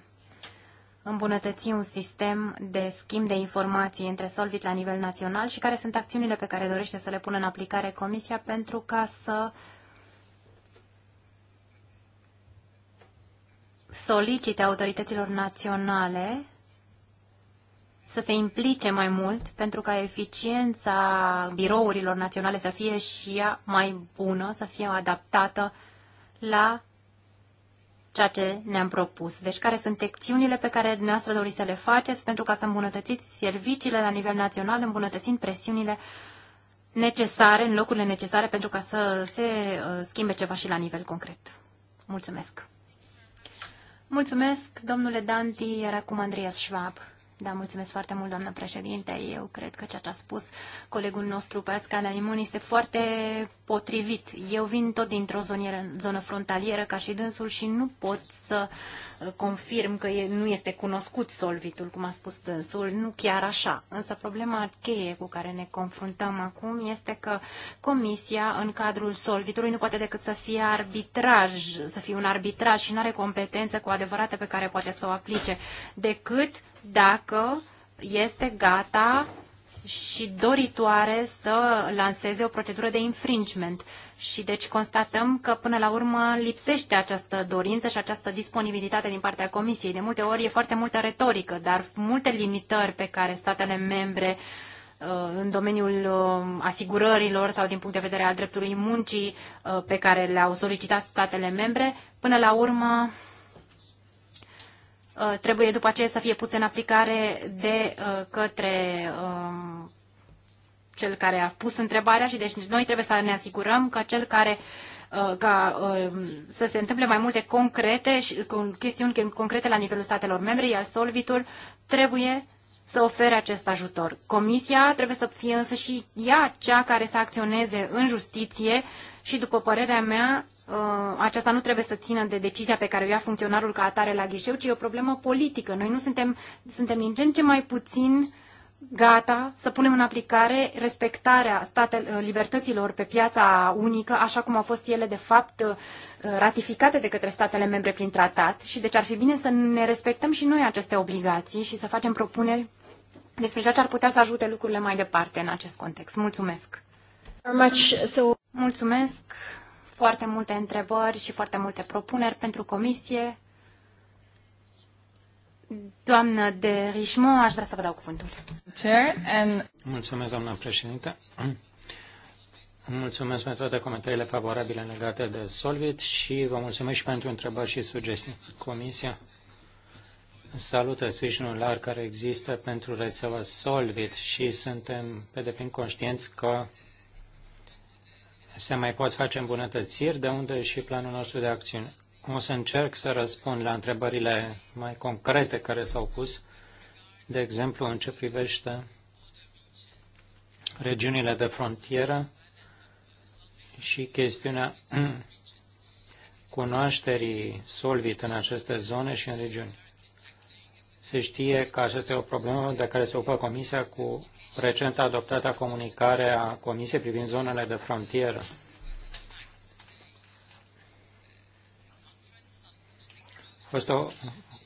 îmbunătăți un sistem de schimb de informații între Solvit la nivel național și care sunt acțiunile pe care dorește să le pună în aplicare Comisia pentru ca să solicite autorităților naționale să se implice mai mult pentru ca eficiența birourilor naționale să fie și ea mai bună, să fie adaptată la ceea ce ne-am propus. Deci care sunt acțiunile pe care dumneavoastră doriți să le faceți pentru ca să îmbunătățiți serviciile la nivel național, îmbunătățind presiunile necesare, în locurile necesare pentru ca să se uh, schimbe ceva și la nivel concret. Mulțumesc! Mulțumesc, domnule Danti, iar acum Andreas Schwab. Da, mulțumesc foarte mult, doamnă președinte. Eu cred că ceea ce a spus colegul nostru Pascal Animon este foarte potrivit. Eu vin tot dintr-o zonă frontalieră ca și dânsul și nu pot să uh, confirm că nu este cunoscut solvitul, cum a spus dânsul, nu chiar așa. Însă problema cheie cu care ne confruntăm acum este că comisia în cadrul solvitului nu poate decât să fie arbitraj, să fie un arbitraj și nu are competență cu adevărată pe care poate să o aplice, decât dacă este gata și doritoare să lanseze o procedură de infringement. Și deci constatăm că până la urmă lipsește această dorință și această disponibilitate din partea Comisiei. De multe ori e foarte multă retorică, dar multe limitări pe care statele membre uh, în domeniul uh, asigurărilor sau din punct de vedere al dreptului muncii uh, pe care le-au solicitat statele membre, până la urmă Uh, trebuie după aceea să fie puse în aplicare de uh, către um, cel care a pus întrebarea și deci noi trebuie să ne asigurăm că cel care uh, ca um, să se întâmple mai multe concrete și chestiuni concrete la nivelul statelor membre, iar Solvitul trebuie să ofere acest ajutor. Comisia trebuie să fie însă și ea cea care să acționeze în justiție și, după părerea mea, Uh, aceasta nu trebuie să țină de decizia pe care o ia funcționarul ca atare la ghișeu, ci e o problemă politică. Noi nu suntem, suntem din ce în ce mai puțin gata să punem în aplicare respectarea statel, uh, libertăților pe piața unică, așa cum au fost ele, de fapt, uh, ratificate de către statele membre prin tratat. Și deci ar fi bine să ne respectăm și noi aceste obligații și să facem propuneri despre ceea ce ar putea să ajute lucrurile mai departe în acest context. Mulțumesc! Mulțumesc! foarte multe întrebări și foarte multe propuneri pentru comisie. Doamnă de Richemont, aș vrea să vă dau cuvântul. Chair and... Mulțumesc, doamna președinte. Mulțumesc pentru toate comentariile favorabile legate de Solvit și vă mulțumesc și pentru întrebări și sugestii. Comisia salută sprijinul larg care există pentru rețeaua Solvit și suntem pe deplin conștienți că se mai pot face îmbunătățiri, de unde și planul nostru de acțiune. O să încerc să răspund la întrebările mai concrete care s-au pus, de exemplu, în ce privește regiunile de frontieră și chestiunea cunoașterii solvit în aceste zone și în regiuni. Se știe că aceasta este o problemă de care se ocupă Comisia cu recent adoptată comunicare a Comisiei privind zonele de frontieră. A fost o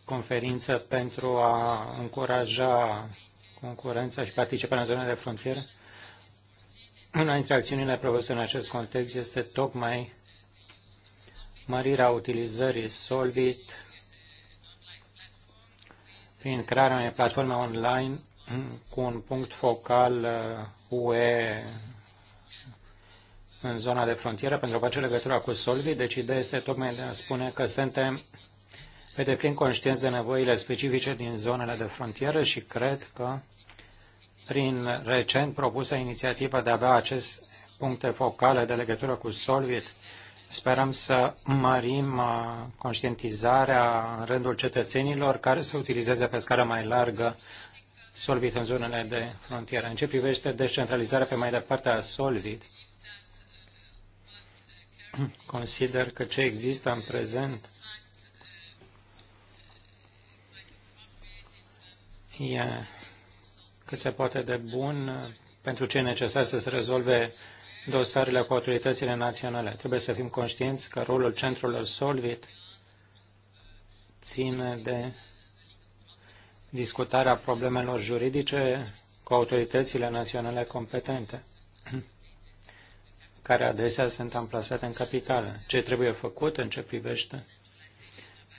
conferință pentru a încuraja concurența și participarea în zonele de frontieră. Una dintre acțiunile propuse în acest context este tocmai mărirea utilizării Solvit prin crearea unei platforme online cu un punct focal UE uh, în zona de frontieră pentru a face legătura cu Solvi. Deci ideea este tocmai de a spune că suntem pe deplin conștienți de nevoile specifice din zonele de frontieră și cred că prin recent propusă inițiativă de a avea acest puncte focale de legătură cu Solvit Sperăm să mărim uh, conștientizarea în rândul cetățenilor care să utilizeze pe scară mai largă Solvit în zonele de frontieră. În ce privește descentralizarea pe mai departe a Solvit, consider că ce există în prezent e cât se poate de bun pentru ce e necesar să se rezolve dosarele cu autoritățile naționale. Trebuie să fim conștienți că rolul centrelor Solvit ține de discutarea problemelor juridice cu autoritățile naționale competente, care adesea sunt amplasate în capitală. Ce trebuie făcut în ce privește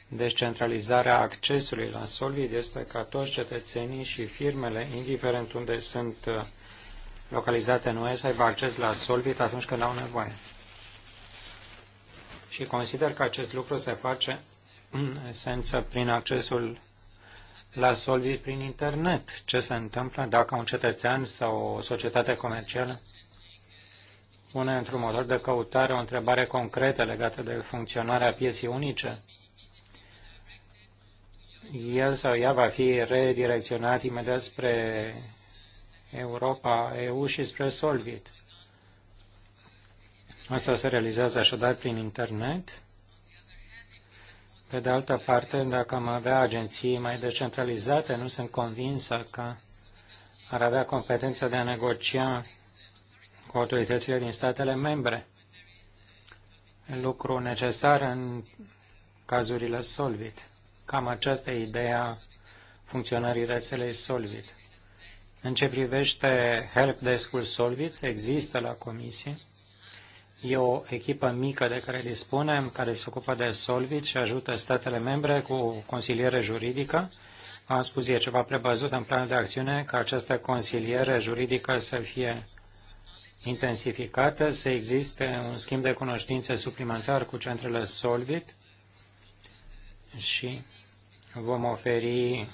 descentralizarea accesului la Solvit este ca toți cetățenii și firmele, indiferent unde sunt uh, localizate în UE să aibă acces la Solvit atunci când au nevoie. Și consider că acest lucru se face în esență prin accesul la Solvit prin internet. Ce se întâmplă dacă un cetățean sau o societate comercială pune într-un motor de căutare o întrebare concretă legată de funcționarea pieții unice? El sau ea va fi redirecționat imediat spre Europa EU și spre Solvit. Asta se realizează așadar prin internet. Pe de altă parte, dacă am avea agenții mai decentralizate, nu sunt convinsă că ar avea competența de a negocia cu autoritățile din statele membre. Lucru necesar în cazurile Solvit. Cam această idee ideea funcționării rețelei Solvit. În ce privește helpdesk-ul Solvit, există la comisie. E o echipă mică de care dispunem, care se ocupă de Solvit și ajută statele membre cu consiliere juridică. Am spus, e ceva prevăzut în planul de acțiune ca această consiliere juridică să fie intensificată, să existe un schimb de cunoștințe suplimentar cu centrele Solvit și vom oferi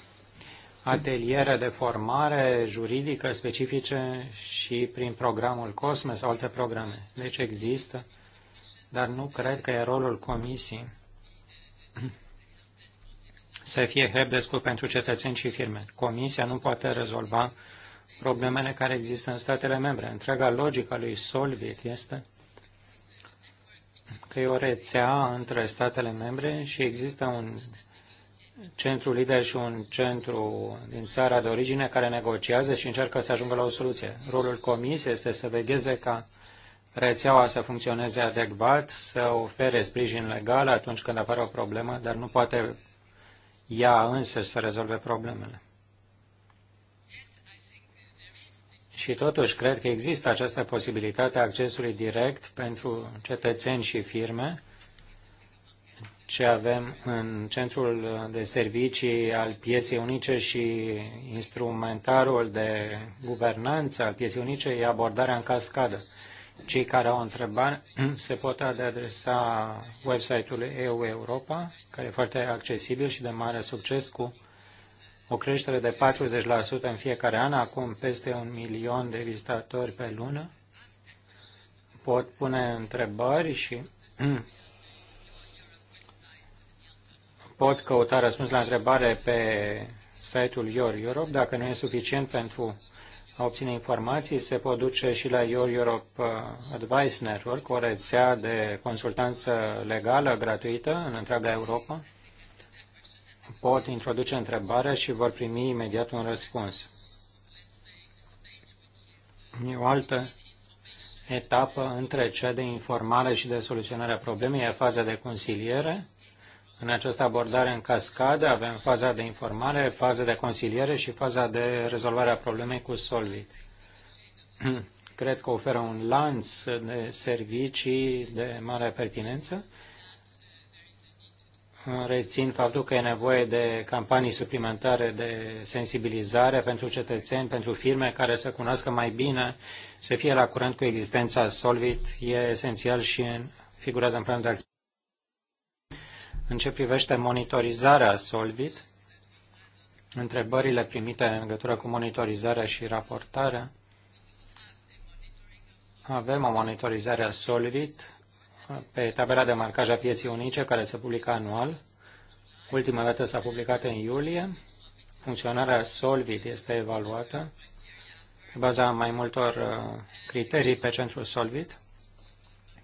ateliere de formare juridică specifice și prin programul COSME sau alte programe. Deci există, dar nu cred că e rolul comisiei să fie hebdescu pentru cetățeni și firme. Comisia nu poate rezolva problemele care există în statele membre. Întreaga logică lui Solvit este că e o rețea între statele membre și există un centru lider și un centru din țara de origine care negociază și încearcă să ajungă la o soluție. Rolul comisiei este să vegheze ca rețeaua să funcționeze adecvat, să ofere sprijin legal atunci când apare o problemă, dar nu poate ea însă să rezolve problemele. Și totuși, cred că există această posibilitate a accesului direct pentru cetățeni și firme ce avem în centrul de servicii al pieței unice și instrumentarul de guvernanță al pieței unice e abordarea în cascadă. Cei care au întrebări se pot adresa website-ului EU Europa, care e foarte accesibil și de mare succes cu o creștere de 40% în fiecare an, acum peste un milion de vizitatori pe lună. Pot pune întrebări și pot căuta răspuns la întrebare pe site-ul Your Europe. Dacă nu e suficient pentru a obține informații, se pot duce și la Your Europe uh, Advice Network, o rețea de consultanță legală gratuită în întreaga Europa. Pot introduce întrebarea și vor primi imediat un răspuns. E o altă etapă între cea de informare și de soluționare a problemei, e faza de consiliere în această abordare în cascadă avem faza de informare, faza de consiliere și faza de rezolvare a problemei cu Solvit. Cred că oferă un lanț de servicii de mare pertinență. Rețin faptul că e nevoie de campanii suplimentare de sensibilizare pentru cetățeni, pentru firme care să cunoască mai bine, să fie la curent cu existența Solvit, e esențial și în, figurează în plan de acțiune. În ce privește monitorizarea Solvit, întrebările primite în legătură cu monitorizarea și raportarea, avem o monitorizare a Solvit pe tabela de marcaj a pieții unice care se publică anual. Ultima dată s-a publicat în iulie. Funcționarea Solvit este evaluată pe baza mai multor uh, criterii pe centrul Solvit.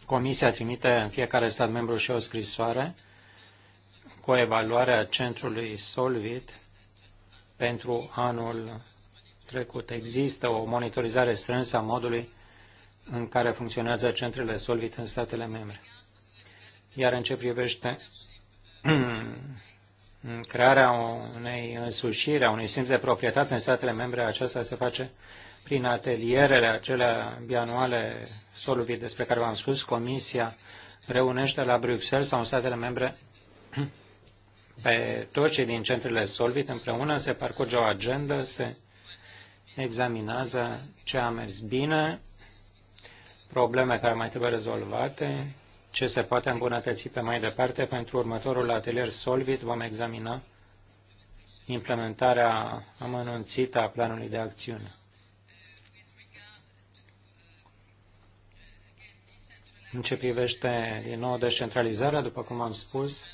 Comisia trimite în fiecare stat membru și o scrisoare cu o centrului Solvit pentru anul trecut. Există o monitorizare strânsă a modului în care funcționează centrele Solvit în statele membre. Iar în ce privește crearea unei însușiri, a unui simț de proprietate în statele membre, aceasta se face prin atelierele acelea bianuale Solvit despre care v-am spus, Comisia reunește la Bruxelles sau în statele membre pe toți cei din centrele Solvit împreună, se parcurge o agendă, se examinează ce a mers bine, probleme care mai trebuie rezolvate, ce se poate îmbunătăți pe mai departe. Pentru următorul atelier Solvit vom examina implementarea amănunțită a planului de acțiune. În ce privește din nou descentralizarea, după cum am spus,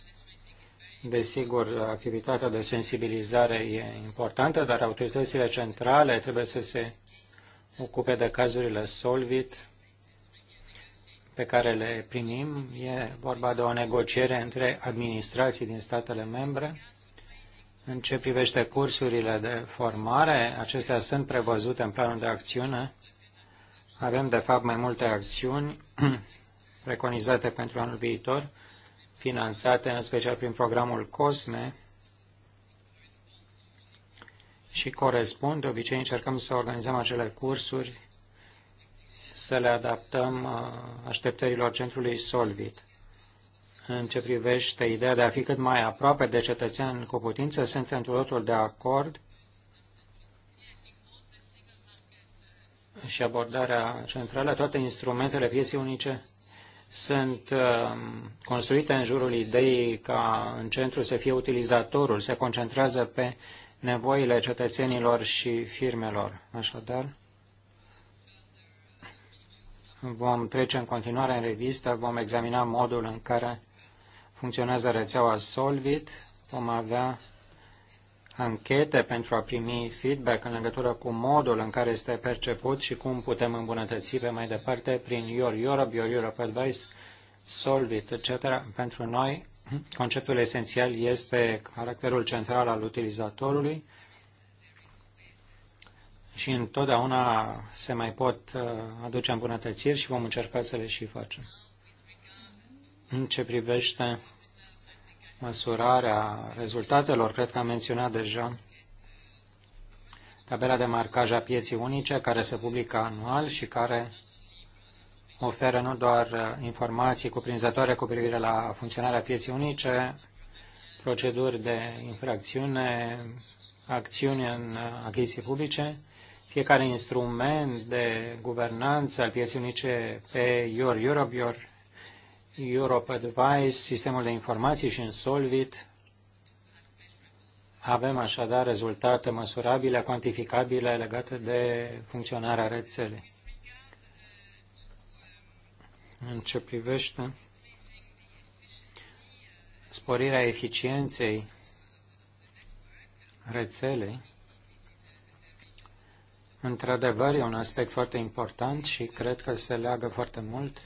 Desigur, activitatea de sensibilizare e importantă, dar autoritățile centrale trebuie să se ocupe de cazurile Solvit pe care le primim. E vorba de o negociere între administrații din statele membre. În ce privește cursurile de formare, acestea sunt prevăzute în planul de acțiune. Avem, de fapt, mai multe acțiuni preconizate pentru anul viitor finanțate în special prin programul COSME și corespund. De obicei încercăm să organizăm acele cursuri, să le adaptăm uh, așteptărilor centrului Solvit. În ce privește ideea de a fi cât mai aproape de cetățean cu putință, sunt într totul de acord și abordarea centrală, toate instrumentele pieții unice sunt uh, construite în jurul ideii ca în centru să fie utilizatorul, se concentrează pe nevoile cetățenilor și firmelor. Așadar, vom trece în continuare în revistă, vom examina modul în care funcționează rețeaua Solvit, vom avea anchete pentru a primi feedback în legătură cu modul în care este perceput și cum putem îmbunătăți pe mai departe prin Your Europe, Your Europe Advice, Solvit, etc. Pentru noi, conceptul esențial este caracterul central al utilizatorului și întotdeauna se mai pot uh, aduce îmbunătățiri și vom încerca să le și facem. În ce privește măsurarea rezultatelor, cred că am menționat deja tabela de marcaj a pieții unice care se publică anual și care oferă nu doar informații cuprinzătoare cu privire la funcționarea pieții unice, proceduri de infracțiune, acțiuni în achiziții publice, fiecare instrument de guvernanță al pieții unice pe Your Europe, Your Europe Advice, sistemul de informații și în Solvit. Avem așadar rezultate măsurabile, cuantificabile legate de funcționarea rețelei. În ce privește sporirea eficienței rețelei, într-adevăr e un aspect foarte important și cred că se leagă foarte mult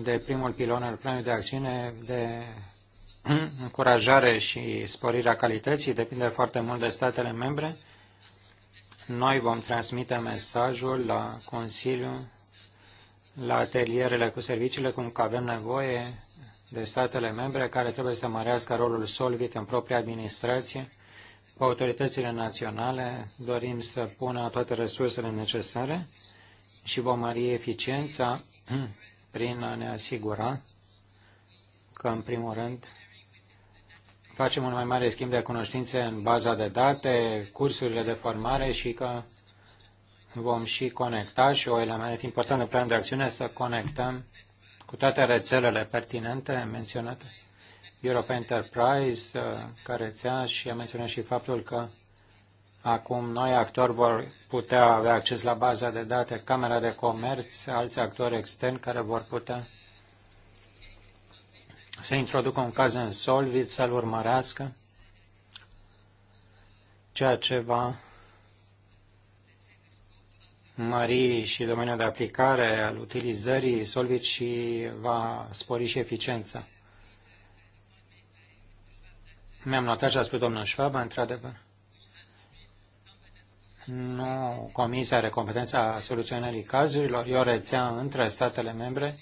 de primul pilon al planului de acțiune de încurajare și sporirea calității depinde foarte mult de statele membre. Noi vom transmite mesajul la Consiliu, la atelierele cu serviciile, cum că avem nevoie de statele membre care trebuie să mărească rolul Solvit în propria administrație. Cu autoritățile naționale dorim să pună toate resursele necesare și vom mări eficiența prin a ne asigura că, în primul rând, facem un mai mare schimb de cunoștințe în baza de date, cursurile de formare și că vom și conecta și o element important în plan de acțiune să conectăm cu toate rețelele pertinente menționate. Europe Enterprise, uh, care țea și a menționat și faptul că Acum noi actori vor putea avea acces la baza de date, Camera de Comerț, alți actori externi care vor putea să introducă un caz în Solvit, să-l urmărească, ceea ce va mări și domeniul de aplicare al utilizării Solvit și va spori și eficiența. Mi-am notat și a spus domnul Schwab, într-adevăr. Nu, Comisia are competența soluționării cazurilor, e o rețea între statele membre.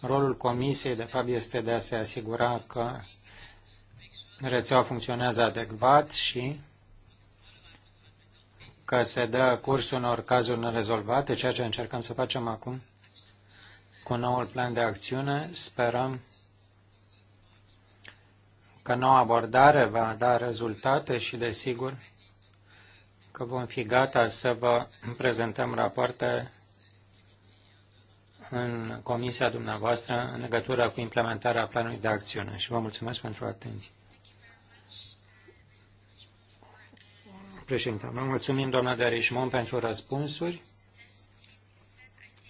Rolul Comisiei, de fapt, este de a se asigura că rețeaua funcționează adecvat și că se dă curs unor cazuri nerezolvate, ceea ce încercăm să facem acum cu noul plan de acțiune. Sperăm că noua abordare va da rezultate și, desigur, că vom fi gata să vă prezentăm rapoarte în comisia dumneavoastră în legătură cu implementarea planului de acțiune și vă mulțumesc pentru atenție. Președinte, vă mulțumim, doamna de Arișmon, pentru răspunsuri.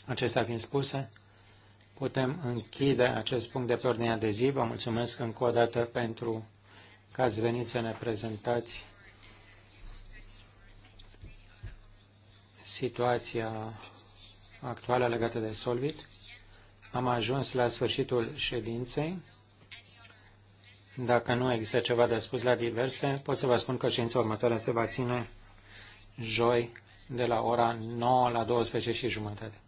Acestea fiind spuse, putem închide acest punct de pe ordinea de zi. Vă mulțumesc încă o dată pentru că ați venit să ne prezentați situația actuală legată de Solvit. Am ajuns la sfârșitul ședinței. Dacă nu există ceva de spus la diverse, pot să vă spun că ședința următoare se va ține joi de la ora 9 la 12 și jumătate.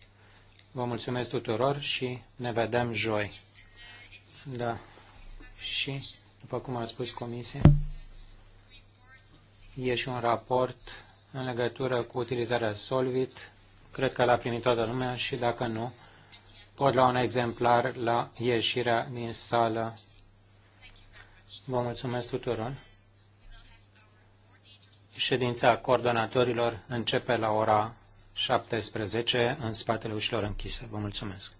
Vă mulțumesc tuturor și ne vedem joi. Da. Și, după cum a spus comisia, e și un raport în legătură cu utilizarea Solvit. Cred că l-a primit toată lumea și dacă nu, pot lua un exemplar la ieșirea din sală. Vă mulțumesc tuturor. Ședința coordonatorilor începe la ora 17 în spatele ușilor închise. Vă mulțumesc.